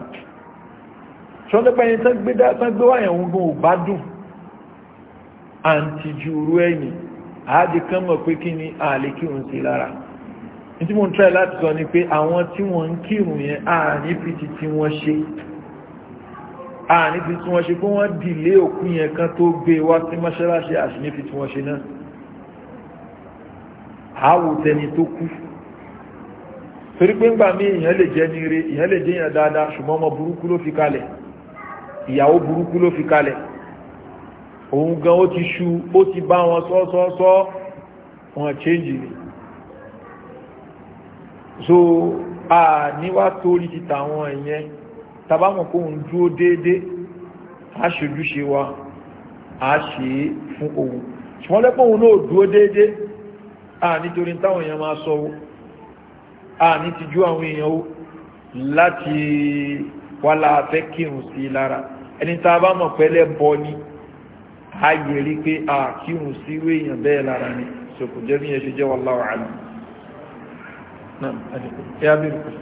ṣọ́n pẹ́ni tán gbé wáyẹ̀ ń gún ò bá dùn àǹtìjú rú ẹ̀yìn àádìí kan mọ̀ pé kí ni àlè kírun sí lára tí mo ń try láti sọ ni pé àwọn tí wọ́n ń kírun yẹn ààrin fi ti tí wọ́n ṣe ààrin fi tí wọ́n ṣe pé wọ́n dìlé òkú yẹn kan tó gbé wá sí mọ́ṣáláṣí àṣìní fi tí wọ́n ṣe náà àáwò tẹni tó kú torí pé ńgbà mí èèyàn lè jẹ́ ní ire èèyàn lè jẹ́ èèyàn dáadáa ṣùgbọ́n ọmọ burúkú ló fi kalẹ̀ ìyàwó burúkú ló fi kalẹ̀ òun gan ó ti ṣu ó ti bá wọn sọ́ọ́sọ́ọ́sọ́ wọn change so a níwá torí ti tàwọn ìyẹn tàbámọ̀ kó ń dúró déédé a ṣojúṣe wa a ṣe é fún òun ṣùgbọ́n lẹ́pọ̀ òun náà dúró déédé a nítorí táwọn èèyàn máa sọ a ní ti jú àwọn èèyàn ó láti wà láàfẹ́ kírun sí lára ẹni tàbámọ̀ pẹ́lẹ́ bọ ni a yẹ̀rí pé a kírun sí wéèyàn bẹ́ẹ̀ lára ni so bí yẹn ṣe jẹ́ wallahu alam نعم يا أبي بكر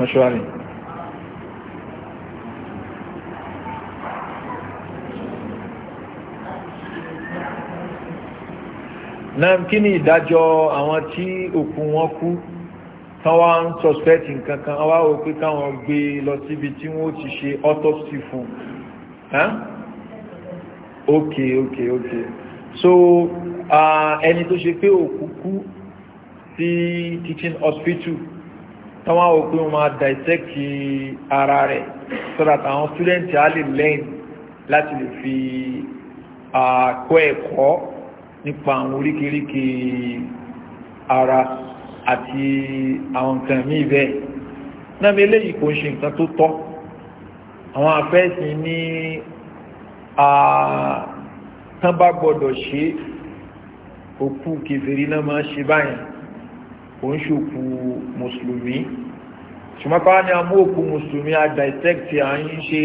مشوا عليه náà kí ni ìdájọ́ àwọn tí òkú wọn kú tán wá ń suspect nǹkan kan wá wò pé káwọn gbé lọ síbi tí wọ́n ti ṣe autopsy fún ok ok ok so ẹni tó ṣe pé òkú kú sí teaching hospital táwọn àwọn òpin máa dissect ara rẹ̀ so that àwọn student á lè learn láti lè fi kọ́ ẹ̀kọ́ nípa àwọn oríkèéríkè ara àti àwọn nǹkan míì bẹ́ẹ̀ náà mi eléyìí kò ń ṣe nǹkan tó tọ́ àwọn afẹ́sìn ní tán bá gbọ́dọ̀ ṣe òkú kèfèrí náà máa ṣe báyìí o ń ṣòkú mùsùlùmí ṣùgbọ́n pa ni a mú òkú mùsùlùmí a dissect à ń ṣe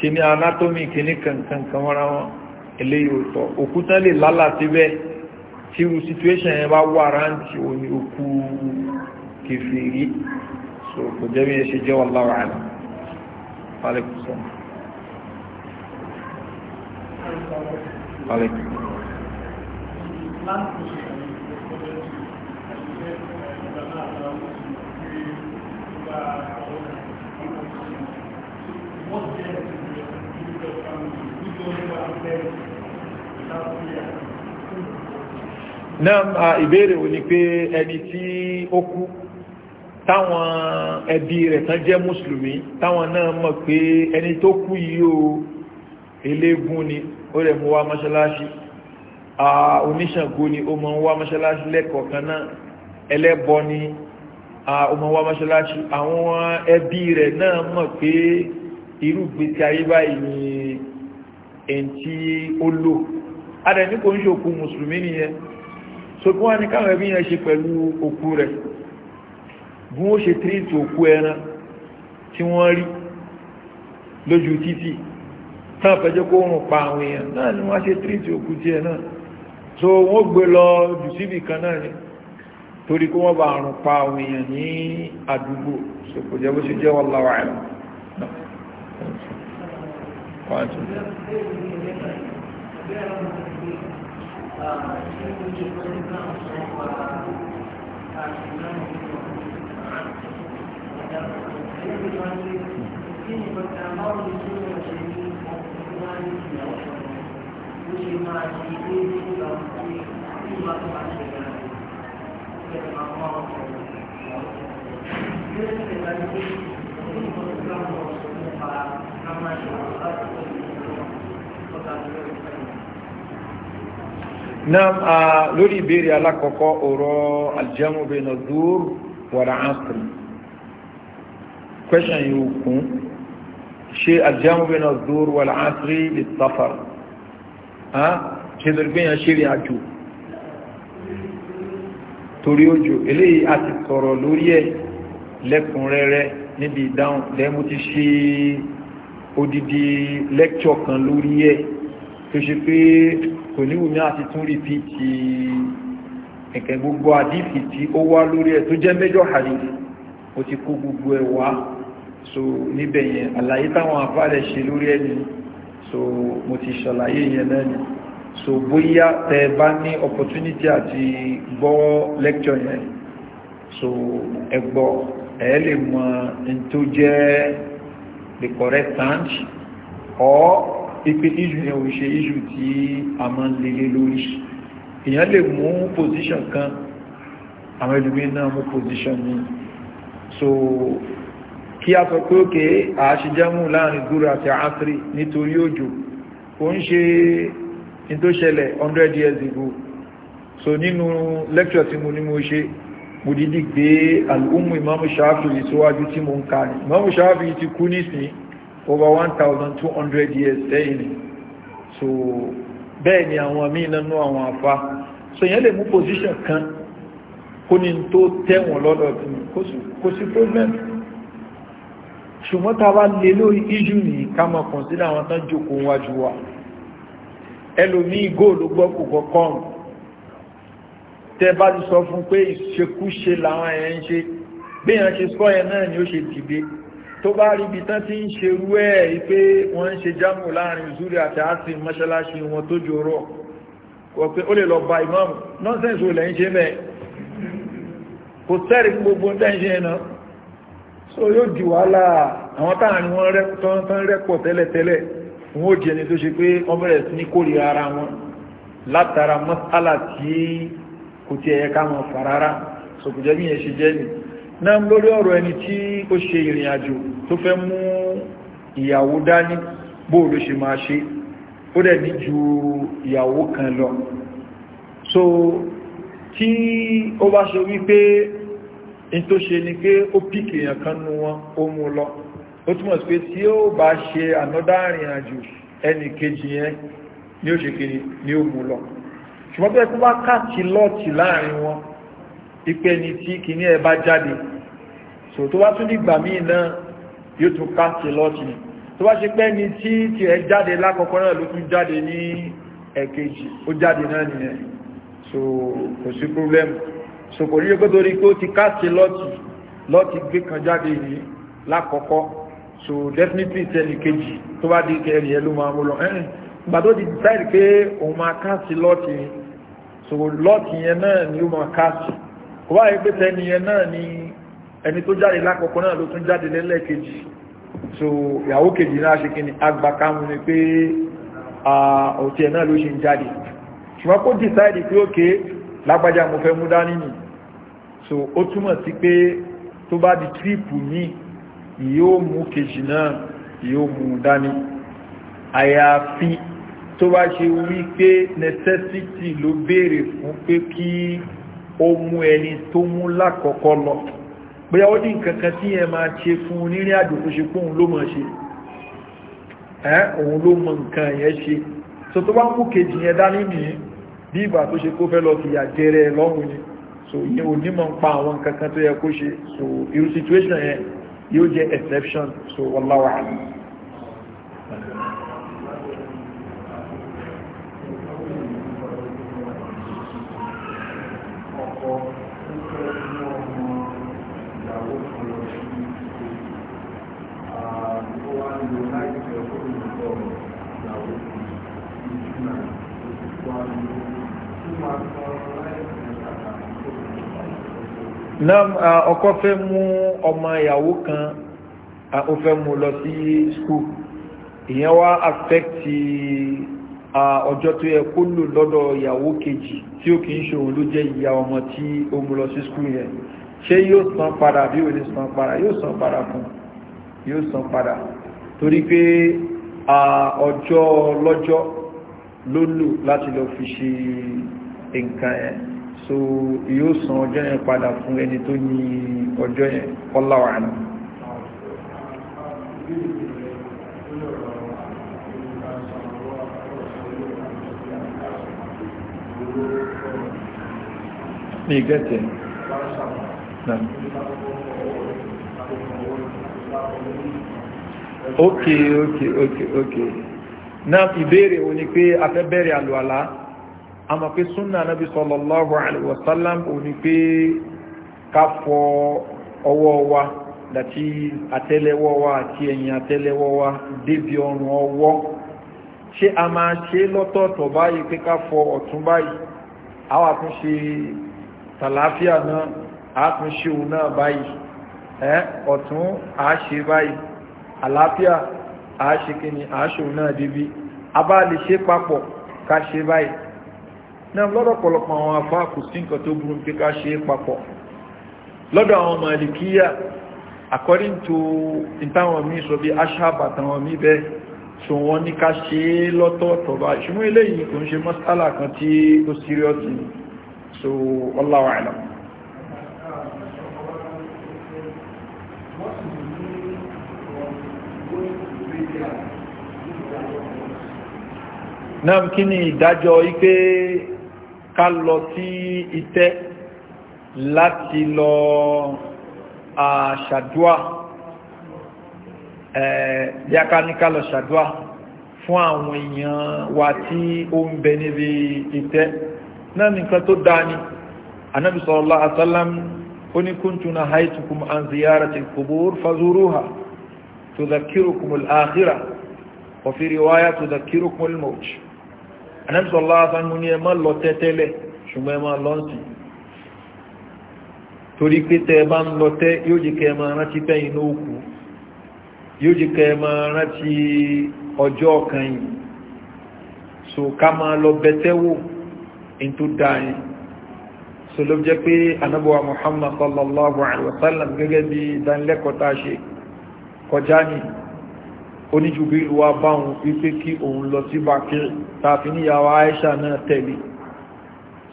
kíní anatomy kíní kankan kan wọ́n ra wọn eléyìí ò tọ́ òkú tán lè lálà síbẹ̀ tí irú situation yẹn bá wà ráǹtì òní òkú kèfèrí so kò jẹ́ bí ẹ ṣe jẹ́ wallahu a'lam. Wa Alaikum. náà ìbéèrè wò ni pé ẹni tí ó kú táwọn ẹbí rẹ̀ tán jẹ́ mùsùlùmí táwọn náà mọ̀ pé ẹni tó kú yìí o eléégún ni ó lè mú wá mọ́ṣáláṣí oníṣàngó ni ó mọ́ wá mọ́ṣáláṣí lẹ́kọ̀ọ̀kan náà ẹlẹ́bọ ni ó mọ́ wá mọ́ṣáláṣí àwọn ẹbí rẹ̀ náà mọ̀ pé irú gbèsè ayé báyìí ni ẹni tí ó lò adẹ̀ ní kò ń ṣe òkú mùsùlùmí nìyẹn so kí wọ́n ní káwọn ẹbí yẹn ṣe pẹ̀lú òkú rẹ̀ bí wọ́n ṣe tírìtì òkú ẹran tí wọ́n rí lójú títì tán fẹjọ́ kó rùn pa àwọn èèyàn náà ni wọ́n ṣe tírìtì òkú tiẹ̀ náà so wọ́n gbé lọ jù síbì kan náà ni torí kó wọ́n bá àrùn pa àwọn èèyàn ní àdúgbò so kò jẹ́ bó ṣe jẹ́ wallahu a'lam Thank you. نعم، لوري ìbéèrè على ọ̀rọ̀ aljamu الجامو náà dúró wàrà Question you yìí ṣe aljamu bin azur wal asri bi safar ha ṣe dorbe yan ṣe rìn àjò torí òjò eléyìí a ti sọ̀rọ̀ lórí ẹ̀ lẹ́kùnrẹ́rẹ́ níbi ìdáhùn lẹ́mú ti ṣe odidi lẹ́kṣọ̀ kan lórí ẹ̀ tó ṣe pé kò ní wùmí àti tún rìpíìtì ẹ̀kẹ́ gbogbo àdífì tí ó wá lórí ẹ̀ tó jẹ́ mẹ́jọ hadith mo ti kó gbogbo ẹ̀ wá so níbẹ̀ yẹn àlàyé táwọn àfáàrẹ̀ ṣe lórí ẹni so mo ti ṣàlàyé yẹn náà ni so bóyá tẹ bá ní opportunity àti gbọ́ lecture yẹn so ẹgbọ́ ẹ lè mọ n tó jẹ́ the correct hand or ipe issue yẹn ò ṣe issue tí a máa ń lélé lórí èèyàn lè mú position kan àwọn ẹlòmíràn mú position mi so kí a sọ pé òkè àṣìjẹ́mù láàrin gúrù àti àásírí nítorí òjò kò ń ṣe ní tó ṣẹlẹ̀ 100 years ago so nínú lecture tí mo ní mo ṣe mo dídí gbé al'ummu imamu shafi'i síwájú tí mo ń ka ní imamu shafi'i ti kú nísìn over 1200 years sẹ́yìn so bẹ́ẹ̀ ni àwọn míì nánú àwọn àfá so yẹn lè mú position kan kó ní tó tẹ́wọ̀n lọ́dọ̀ tí kò sí problem ṣùgbọ́n ta bá lè lórí ijú ní kama kọ̀nsílá àwọn tán jòkó wájú wa ẹlòmí góòlù gbọ́kù kọ̀kan tẹ bá ti sọ fún pé ìṣekúṣe làwọn ẹ̀yẹ ń ṣe bí yàn ṣe sọ yẹn náà ni ó ṣe dìde tó bá rí ibi tán ti ń ṣe rú ẹ̀ pé wọ́n ń ṣe jámù láàrin zuri àti asin mọ́ṣáláṣí wọn tó jòrò wọ́n pé ó lè lọ ba ìmáàmù nọ́ọ̀sẹ̀nsì ò lẹ́yìn ṣe bẹ́ẹ̀ kò sẹ́rì gbogbo ń náà so yóò di wàhálà àwọn táàrin wọn tán rẹ́pọ̀ tẹ́lẹ̀tẹ́lẹ̀ wọn ó jẹ́ ni tó ṣe pé wọ́n bẹ̀rẹ̀ sí ní kórìíra ara wọn látara mọ́sálà tí kò tí ẹ̀yẹ ká wọn fà so kò jẹ́ bí yẹn ṣe jẹ́ ni náà lórí ọ̀rọ̀ ẹni tí ó ṣe ìrìn àjò tó fẹ́ mú ìyàwó dání bó ló ṣe máa ṣe ó dẹ̀ ní ju ìyàwó kan lọ so tí ó bá ṣe wípé in tó ṣe ni pé ó píkì èèyàn kan nu wọn ó mú lọ ó túmọ̀ sí pé tí ó bá ṣe ànọ́dá àrìn àjò ẹnì kejì yẹn ni ó ṣe kiri ni ó mú lọ ṣùgbọ́n tó yẹ kó bá káàtì lọ́ọ̀tì láàrin wọn ipe ni tí kìíní ẹ bá jáde so tó bá tún dìgbà míì náà yóò tún káàtì lọ́ọ̀tì ni tó bá ṣe pé ni tí tí ẹ jáde lákọ̀ọ́kọ́ náà ló tún jáde ní ẹ̀kejì ó jáde náà nìyẹn so kò sí problem sòkòrí gbọ́dọ̀ rí pé ó ti káàkiri lọ́tì lọ́tì gbé kan jáde yìí lákọ̀ọ́kọ́ so definitely tẹ́lì kejì tó bá di kẹrì ẹ ló máa mú lọ ẹ̀rìn ìgbà tó ti decide pé òun máa káàkiri lọ́tì so lọ́tì yẹn náà ni ó máa káàkiri kò wáyé pé tẹ́ni yẹn náà ni ẹni tó jáde lákọ̀ọ́kọ́ náà ló tún jáde lẹ́lẹ́kejì so ìyàwó kejì náà ṣe kí ni agbàkámu ni pé òtí ẹ̀ náà ló ṣe ń jáde ṣùgbọ́n kó decide pé ó kéé lágbájá mo fẹ́ mú dání nì so ó túmọ̀ sí pé tó bá di tírípù ní yóò mú kejì náà yóò mú dání àyàfi tó bá ṣe wí pé necessity ló béèrè fún pé kí ó mú ẹni tó mú lákọ̀ọ́kọ́ lọ bóyá ó ní nǹkan tí ẹ máa ṣe fún onírìn àjò tó ṣe pé òun ló mọ̀ ṣe òun ló mọ̀ nǹkan yẹn ṣe so tó bá mú kejì yẹn dání nìyí bí ìgbà tó ṣe kó fẹ́ lọ fìyà jẹrẹ lọ́hùn ni so ìyẹn onímọ̀ ń pa àwọn kankan tó yẹ kó ṣe so irú situation yẹn yóò jẹ́ exception so wallahu a'lam nam ọkọ fẹ́ mú ọmọ ìyàwó kan ó fẹ́ mú lọ sí skul ìyẹn wá affecti ọjọ́ tó yẹ kó lò lọ́dọ̀ ìyàwó kejì tí ó kì í ṣòun ló jẹ́ ìyá ọmọ tí ó mú lọ sí skul yẹn ṣé yóò san padà bí ò ní san padà yóò san padà fún yóò san padà torí pé ọjọ́ lọ́jọ́ ló lò láti lọ fi ṣe nǹkan yẹn so yóò san ọjọ́ yẹn padà fún ẹni tó ní ọjọ́ yẹn ọláwà náà ní ìgẹ́tẹ̀ náà ok ok ok ok náà ìbéèrè wo ni pé afẹ́bẹ̀rẹ̀ àlùalá àmọ́ pé súnà nàbí sallallahu alaihi wasallam ò ní pé ká fọ ọwọ́ wa dàtí àtẹ́lẹwọ́ wa àti ẹ̀yìn àtẹ́lẹwọ́ wa débi ọrùn ọwọ́ ṣé a máa ṣe lọ́tọ̀ọ̀tọ̀ báyìí pé ká fọ ọ̀tún báyìí àwọn àtúnṣe tàlàáfíà náà àtúnṣe òun náà báyìí ẹ ọ̀tún àáṣe báyìí àlàáfíà àáṣe kìíní àáṣe òun náà débi a bá lè ṣe papọ̀ ká ṣe báyìí náà lọ́dọ̀ pọ̀lọpọ̀ àwọn afá kò sí nǹkan tó burú pé ká ṣe é papọ̀ lọ́dọ̀ àwọn màlìkíyà according to ìtàwọn míì sọ bí ashab àtàwọn míì bẹ́ẹ̀ so wọ́n ní ká ṣe é lọ́tọ̀ọ̀tọ̀ bá ṣùgbọ́n eléyìí kò ń ṣe mas'ala kan tí ó serious ni so wallahu a'lam náà kí ni ìdájọ́ ipé ká lọ sí itẹ́ láti lọ ṣàdúà bí a ká ní ká lọ ṣàdúà fún àwọn èèyàn wa tí ó ń bẹ níbi itẹ́ náà nìkan tó dáa ni anábì sallallahu alaihi wasallam ó haitukum an ziyarati al-qubur fazuruha tudhakkirukum al-akhirah wa fi riwaya al-mawt anẹ́sọ̀lá sánú ní ẹ má lọ tẹ́tẹ́lẹ̀ ṣùgbọ́n ẹ má lọ́ǹsì torí pé tẹ́ bá ń lọ tẹ́ yóò jẹ́ kẹ́ ẹ máa rántí tẹ́yìn ló kù yóò jẹ́ kẹ́ ẹ máa rántí ọjọ́ kan yìí so ká máa lọ bẹ́tẹ́wò in tó dáa yìí so ló jẹ́ pé anábọ̀wá Muhammad sallallahu alaihi wa sallam gẹ́gẹ́ bí ìdánilẹ́kọ̀ọ́ tá ṣe kọjá nìyí oníjùbílù wa báhùn wípé kí òun lọ sí bákírì tàbí níyàwó Aisha náà tẹ̀lé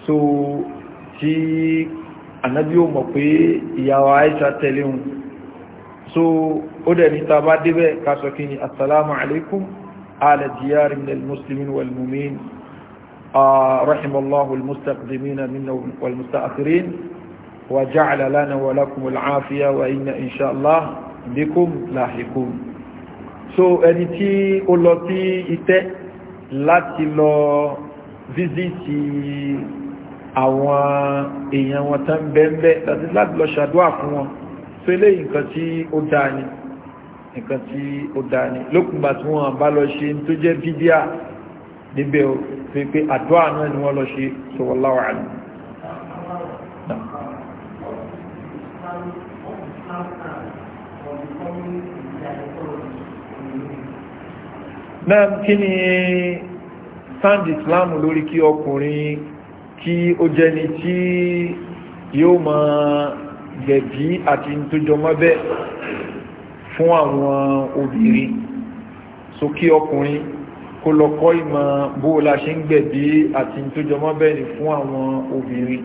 so tí ànábí ò mọ̀ pé ìyàwó Aisha tẹ̀lé òun so ó dẹ̀ ní tàbá débẹ̀ kásọ̀ kí ni assalamu alaikum ala diyari minal muslimin wal mumin رحم so ẹni tí ó lọ sí itẹ́ láti lọ fízítì àwọn èèyàn wọn tán bẹ́ẹ̀bẹ́ láti lọ ṣàdúwà fún wọn so ilé nǹkan tí ó dáa ni nǹkan tí ó dáa ni lókùnbà tí wọ́n bá lọ ṣe tó jẹ́ fídíà níbẹ̀ pé àdúwà náà ni wọ́n lọ ṣe sọ̀wọ́láwà ní náà kí ni sand islam lórí kí ọkùnrin kí ó jẹni tí yóò máa gbẹ̀bí àti ntójọmọ́ fún àwọn obìnrin so kí ọkùnrin kó lọ kọ́ ìmọ̀ bó la ṣe ń gbẹ̀bí àti ntójọmọ́ bẹ́ẹ̀ ni fún àwọn obìnrin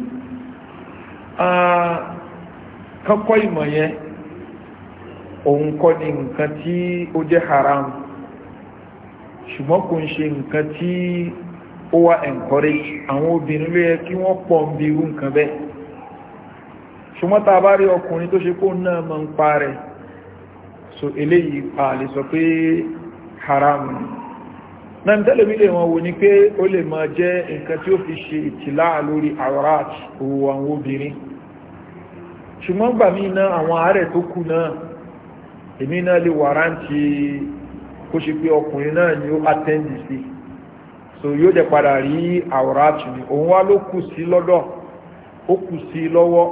kọ́kọ́ ìmọ̀ yẹn òun kọ́ ni nǹkan tí ó jẹ́ haram ṣùgbọ́n kò ń ṣe nǹkan tí ó wá encourage àwọn obìnrin ló yẹ kí wọ́n pọ̀ ń bi irú nǹkan bẹ́ẹ̀ ṣùgbọ́n tá bá rí ọkùnrin tó ṣe kó náà mọ́ ń pa rẹ̀ so eléyìí pa lè sọ pé haram ni náà tẹ́lẹ̀mí lè wọn wò ní pé ó lè máa jẹ́ nǹkan tí ó fi ṣe ìtìlá lórí awrat owó àwọn obìnrin ṣùgbọ́n gbà náà àwọn àárẹ̀ tó kù náà èmi náà lè wàrántì kó ṣe pé ọkùnrin náà ni ó attend sí so yóò dẹ̀ padà rí àwòrán ni òun wá ló kù sí lọ́dọ̀ ó kù sí lọ́wọ́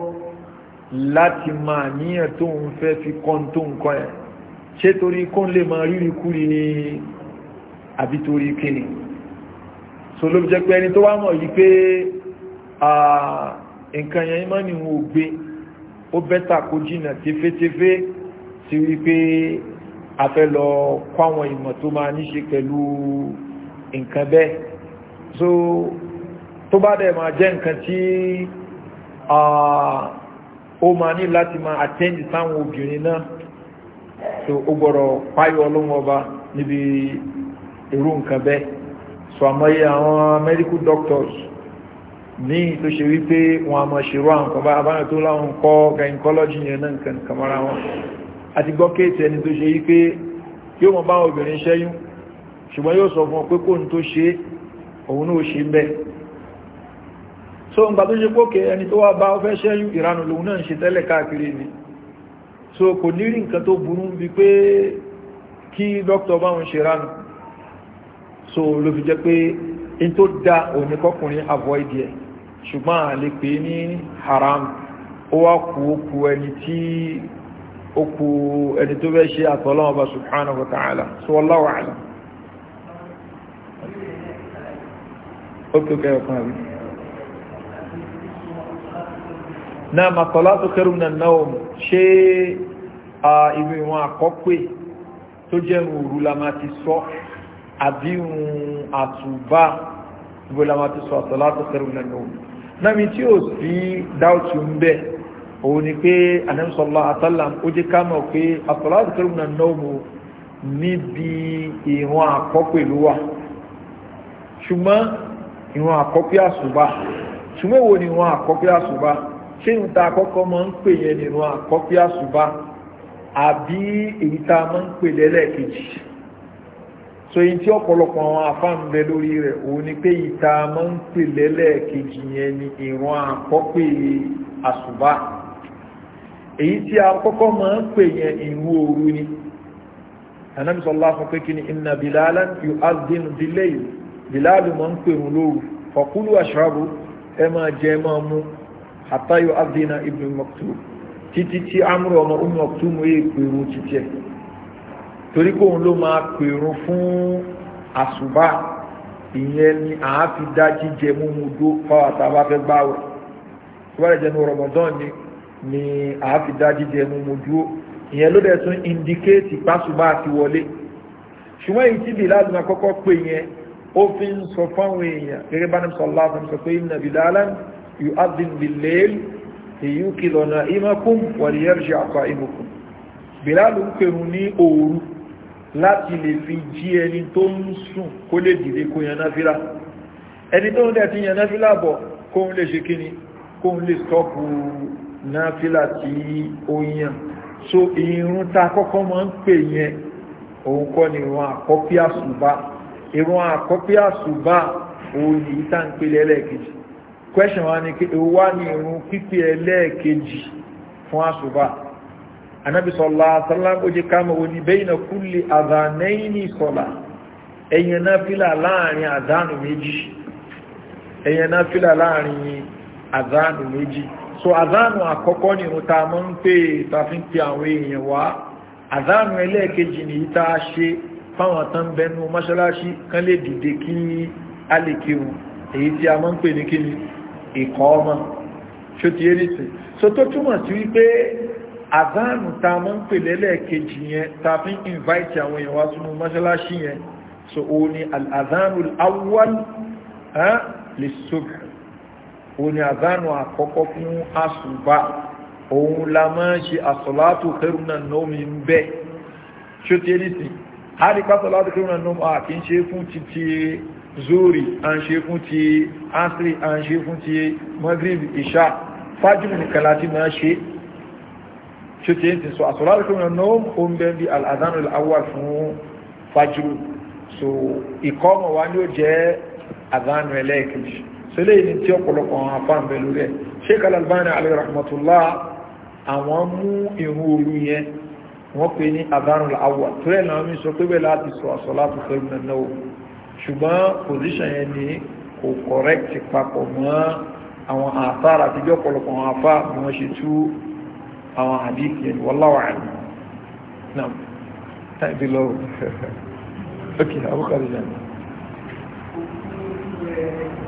láti máa níyàn tó ń fẹ́ fi kọ́n tó nǹkan ẹ̀ ṣé torí kó lè máa rírí kúri ni àbí torí kíni so ló jẹ́ pé ẹni tó wá mọ̀ yìí pé nǹkan yẹn máa ní wọn ò gbé ó bẹ́tà kó jìnà tefetefe sí wípé afẹ́ lọ kọ́ àwọn ìmọ̀ tó máa ní ṣe pẹ̀lú nǹkan bẹ́ẹ̀ so tó bá dẹ̀ máa jẹ́ nǹkan tí ó máa ní láti máa attend sáwọn obìnrin náà so ó gbọ́dọ̀ páyọ ọlọ́run ọba níbi irú nǹkan bẹ́ẹ̀ so àmọ́yé àwọn medical doctors ní tó ṣe wípé wọn a máa ṣèrò àwọn kan bá abáyọ̀ tó láwọn kọ́ gynecology yẹn náà nǹkan kàmọ́ra wọn àti gbọ́ kéètì ẹni tó ṣe yí pé yóò mọ̀ bá obìnrin ṣẹ́yún ṣùgbọ́n yóò sọ fún ọ pé tó ṣe òun náà ṣe bẹ́ so n gbà tó ṣe pókè ẹni tó wá bá ọ fẹ́ ṣẹ́yún ìranù lòun náà ṣe tẹ́lẹ̀ káàkiri ni so kò ní rí nǹkan tó burú bí so ló fi jẹ́ pé in tó da haram ó wá kú ó ó kú ẹni tó fẹ́ ṣe àtọ́lọ́wọ́ bá subhanahu wa ta'ala so wallahu a'lam ó tó kẹrẹ fún àbí náà màtọ́lá tó kẹrù nà náà ṣe ibi wọn àkọ́pẹ́ tó jẹ́ òru la sọ àbí àtúbá ibo la sọ àtọ́lá tó kẹrù nà náà náà mi tí ó sí dáùtù ń bẹ́ẹ̀ òun ni pé anamsọ̀lá àtàlàm ó jẹ́ ká mọ̀ pé àtọ̀láàtì kẹrù náà náà mú níbi ìrun àkọ́pẹ̀ ló wà ṣùgbọ́n ìrun àṣùbà wo ni ta máa ń pè yẹn ni ìrun àkọ́pẹ̀ àṣùbà àbí èyí tá a máa ń pè lẹ́lẹ́kejì so yìí tí ọ̀pọ̀lọpọ̀ àwọn afáàn lórí rẹ̀ òun ni pé ìta máa ń pè lẹ́lẹ́kejì yẹn èyí tí a kọ́kọ́ máa ń pè yẹn ni Ànábì sallallahu alaihi wasallam pé kí ni inna bilalan yu'adhdhinu bil-layl bìláàlù máa ń pè wọn lóru faqulu ashrabu ẹ máa jẹ máa mú hatta yu'adhdhina ibnu Maktum títí tí Amru ọmọ Umm Maktum mú èyí pè wọn títí ẹ̀ torí kóun ló máa pè wọn fún àṣùbà ìyẹn ni fi dá jíjẹ mú mu ni a fi dá jíjẹ mímu dúró ìyẹn ló dẹ̀ tún indicate pásùbà àti wọlé ṣùgbọ́n èyí tí Bilal máa kọ́kọ́ pè yẹn ó fi ń sọ fáwọn èèyàn gẹ́gẹ́ bá ní sọ̀lá fún sọ pé inna Bilalan yu'adhin bil-layl liyuqidha na'imakum wa liyarji'a qa'imukum Bilal ń pèrún ní òru láti lè fi jí ẹni tó ń sùn kó lè dìde kó yan náfìlà ẹni tó ń dẹ̀ ti yan náfìlà bọ̀ kóun lè ṣe kíni kóun lè stọ́pù náfílà tí ó yàn so irun ta kọ́kọ́ ma ń pè yẹn òun kọ́ ni irun àkọ́pí àsùbá irun àkọ́pí àsùbá òun ni ìta ń pèlè ẹlẹ́ẹ̀kejì question wa ni wá ní irun pípé ẹlẹ́ẹ̀kejì fún àsùbá anabi sọlá sálábójé kámọ̀ òní bẹ́yìn kúlè àdánẹ́yìn sọlá ẹ̀yẹn náfílà láàrin àdánù méjì so àdánù àkọ́kọ́ ni ìrùn ta mọ́ ń pè ìtàfin pé àwọn èèyàn wá àdánù ẹlẹ́ẹ̀kejì ni ìta ṣe fáwọn tán bẹnu mọ́ṣáláṣí kan lè dìde kí a lè èyí tí a mọ́ ń pè ní kíni ìkọ́ ọmọ ṣó ti eré so tó túmọ̀ sí wípé àdánù ta mọ́ ń pè lẹ́lẹ́ẹ̀kejì yẹn ta invite àwọn èèyàn wá sínú mọ́ṣáláṣí yẹn so òun ni àdánù awwal lè sóbìrì òun ni àdánù àkọ́kọ́ fún àsùbá òun la máa ń ṣe àsọ̀látò kẹrùnà nómi ń bẹ́ ṣó ti rí sí àríkà sọ̀látò kẹrùnà nómi à kì í ṣe fún títí zuri à ń ṣe fún ti asiri à ń ṣe fún ti magrib isha fájúmù nìkan láti máa ṣe ṣó ti rí sí so àsọ̀látò kẹrùnà nómi ó ń bẹ́ bí àdánù àwà fún fájúmù so ìkọ́ wa ni ó jẹ́ àdánù ẹlẹ́ẹ̀kejì sẹlẹ̀ yìí tí ọ̀pọ̀lọpọ̀ àwọn afáàn bẹ lórí ẹ̀ Sheikh Al-Albani alayhi rahmatullah àwọn mú ìrun òru yẹn wọ́n pè ní adhanul awwal tó rẹ̀ náà mi sọ pé bẹ́ẹ̀ láti sọ as-salatu khairun minan nawm ṣùgbọ́n pòsíṣàn yẹn ni kò correct papọ̀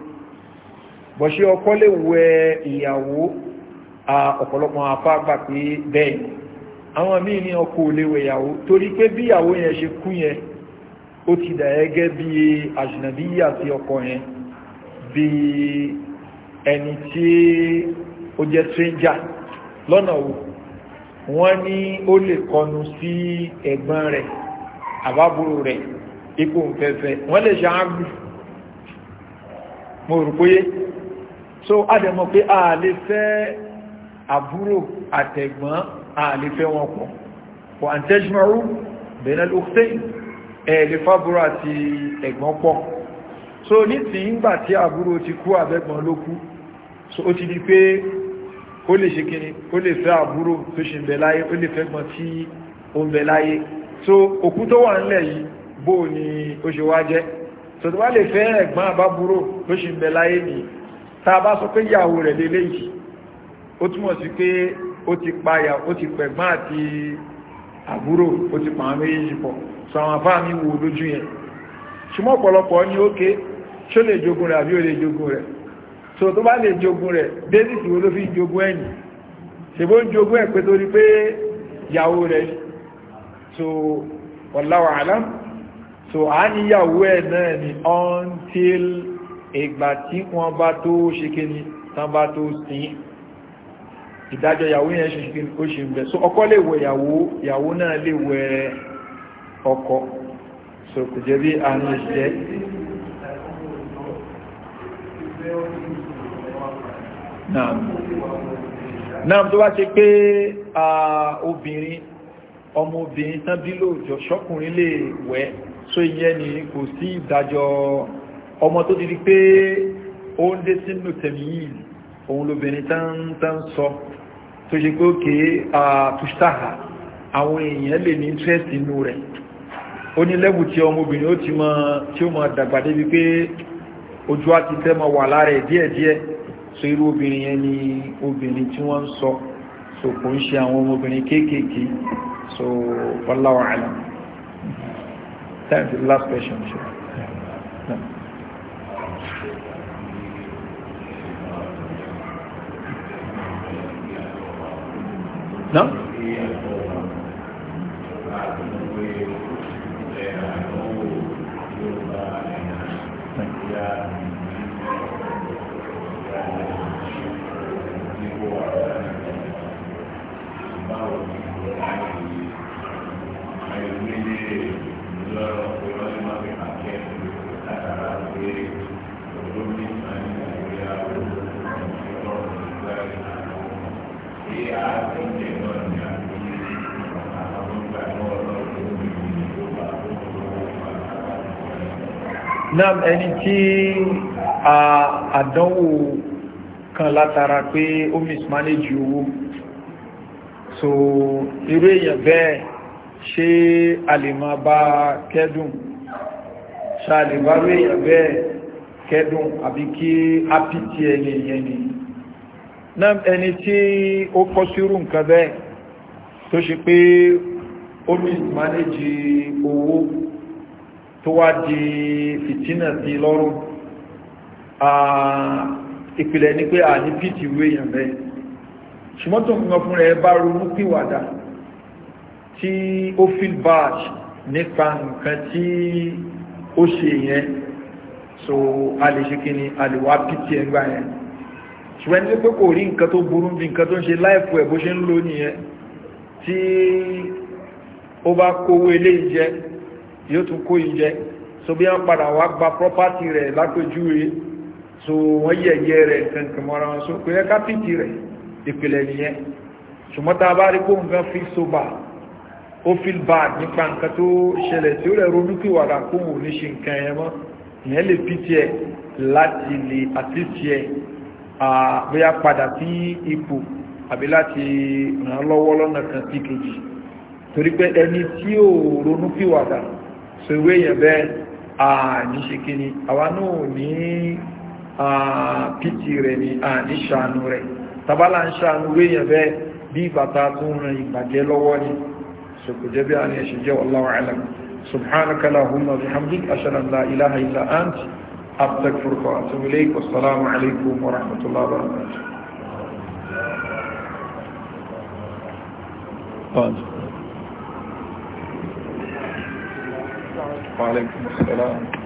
bọ̀ṣe ọkọ lè wẹ ìyàwó ọ̀pọ̀lọpọ̀ apá gbà pé bẹ́ẹ̀ àwọn míì ní ọkọ ò lè wẹ ìyàwó torí pé bí ìyàwó yẹn ṣe kú yẹn ó ti dà gẹ́gẹ́ bí àjùnàbíyà sí ọkọ yẹn bí ẹni tí ó jẹ́ stranger lọ́nà wo wọ́n ní ó lè kọnu sí ẹ̀gbọ́n rẹ̀ àbábúrò rẹ̀ ipò fẹ́fẹ́ wọ́n lè ṣe ágbù mo rò pé so adẹ̀mọ̀ pé a lè fẹ́ àbúrò àtẹ̀gbọ́n a lè fẹ́ wọn pọ̀ for antejmaru benel octane ẹ̀ lè fábúrò àti ẹ̀gbọ́n pọ̀ so ní ti ìgbà tí àbúrò ti kú àbẹ́gbọ́n ló kú so ó ti di pé ó lè ṣe kíni ó lè fẹ́ àbúrò tó ṣe ń bẹ láyé ó lè fẹ́ gbọ́n tí ó ń bẹ láyé so òkú tó wà ńlẹ̀ yìí bó ni ó ṣe wá jẹ́ so tó bá lè fẹ́ ẹ̀gbọ́n àbábúrò tó ṣe ń bẹ láyé nìyí tá a bá sọ pé ìyàwó rẹ̀ lélẹ́ yìí ó túmọ̀ sí pé ó ti payà ó ti pẹ̀gbọ́n àti àbúrò ó ti pàwọn méjì pọ̀ sọ àwọn afá mi wò lójú yẹn ṣùgbọ́n ọ̀pọ̀lọpọ̀ ní ókè ṣó lè jogun rẹ̀ àbí ó lè jogun rẹ̀ so tó bá lè jogun rẹ̀ davis wo ló fi jogun ẹ̀yìn ṣèbó ń jogun ẹ̀ pé torí pé ìyàwó rẹ̀ so wallahu alam so a níyàwó ẹ̀ náà ni until ìgbà tí wọ́n bá tó ṣe kí ni tán bá tó sin ìdájọ́ ìyàwó yẹn ṣe kí ó ṣe ń bẹ̀ so ọkọ lè wẹ̀ ìyàwó ìyàwó náà lè wẹ̀ ọkọ so kò jẹ́ bí àrùn ìṣẹ́ náà náà tó bá ṣe pé obìnrin ọmọ obìnrin tán bí lóòjọ́ ṣọ́kùnrin lè wẹ̀ so ìyẹn ni kò sí ìdájọ́ ọmọ tó ti di pé ó ń dé sínú tẹ̀mí yìí òun lóbìnrin tán sọ tó ṣe pé òkè àtúṣtáhà àwọn èèyàn lè ní interest inú rẹ̀ ó ní lẹ́bù tí ọmọbìnrin ó ti mọ tí ó mọ dàgbà débi pé ojú á ti tẹ́ mọ wà lára ẹ̀ díẹ̀díẹ̀ so irú obìnrin yẹn ni obìnrin tí wọ́n ń sọ so kò ń ṣe àwọn ọmọbìnrin kéékèèké so wallahu alam time for the last question sure. No. náà ẹni tí àdánwò kan látara pé ó mismanage owó so irú èèyàn bẹ́ẹ̀ ṣe a lè máa bá kẹ́dùn ṣàlèbárú èèyàn bẹ́ẹ̀ kẹ́dùn àbí kí á pìtì ẹni ìyẹn ni náà ẹni tí ó kọ́ sírù nǹkan bẹ́ẹ̀ tó ṣe pé ó mismanage owó tó wá di fìtínà sí lọ́rùn ìpìlẹ̀ ni pé a ní pìtì ìwé èèyàn bẹ́ẹ̀ ṣùgbọ́n tó ń gan fún rẹ̀ bá ronú pìwàdà tí ó feel bad nípa nǹkan tí ó ṣe yẹn so a lè ṣe kí ni a lè wá pìtì ẹgbà yẹn ṣùgbọ́n ní pé kò rí nǹkan tó burú bí nǹkan tó ń ṣe láìpù ẹ̀ bó ṣe ń lò nìyẹn tí ó bá kówó eléyìí jẹ́ yóò tún kó ìjẹ so bí wọ́n padà wá gba property rẹ̀ lápèjúwe so wọ́n yẹ̀yẹ́ rẹ̀ kankan mọ́ra wọn so kò yẹ kápìtì rẹ̀ ìpìlẹ̀ nìyẹn ṣùgbọ́n tá a bá rí kó nǹkan fi soba ó fi bad nípa nǹkan tó ṣẹlẹ̀ tí ó rẹ̀ ronú kí wàrà kó wò ní ṣe nǹkan ẹ̀ mọ́ ìyẹn lè fi tiẹ̀ láti lè àti tiẹ̀ bóyá padà sí ipò àbí láti ràn án lọ́wọ́ lọ́nà kan sí kejì torí pé ẹni tí ò ronú kí wàrà so ìwé èèyàn bẹ́ẹ̀ àníṣe kí ni àwa náà ní pìtì rẹ̀ ní àníṣàánú rẹ̀ tàbálà ń ṣàánú ìwé èèyàn bẹ́ẹ̀ bí bàtà tó ń rin ìbàjẹ́ lọ́wọ́ ni so kò jẹ́ bí a ní ẹ̀ṣẹ̀ وعليكم السلام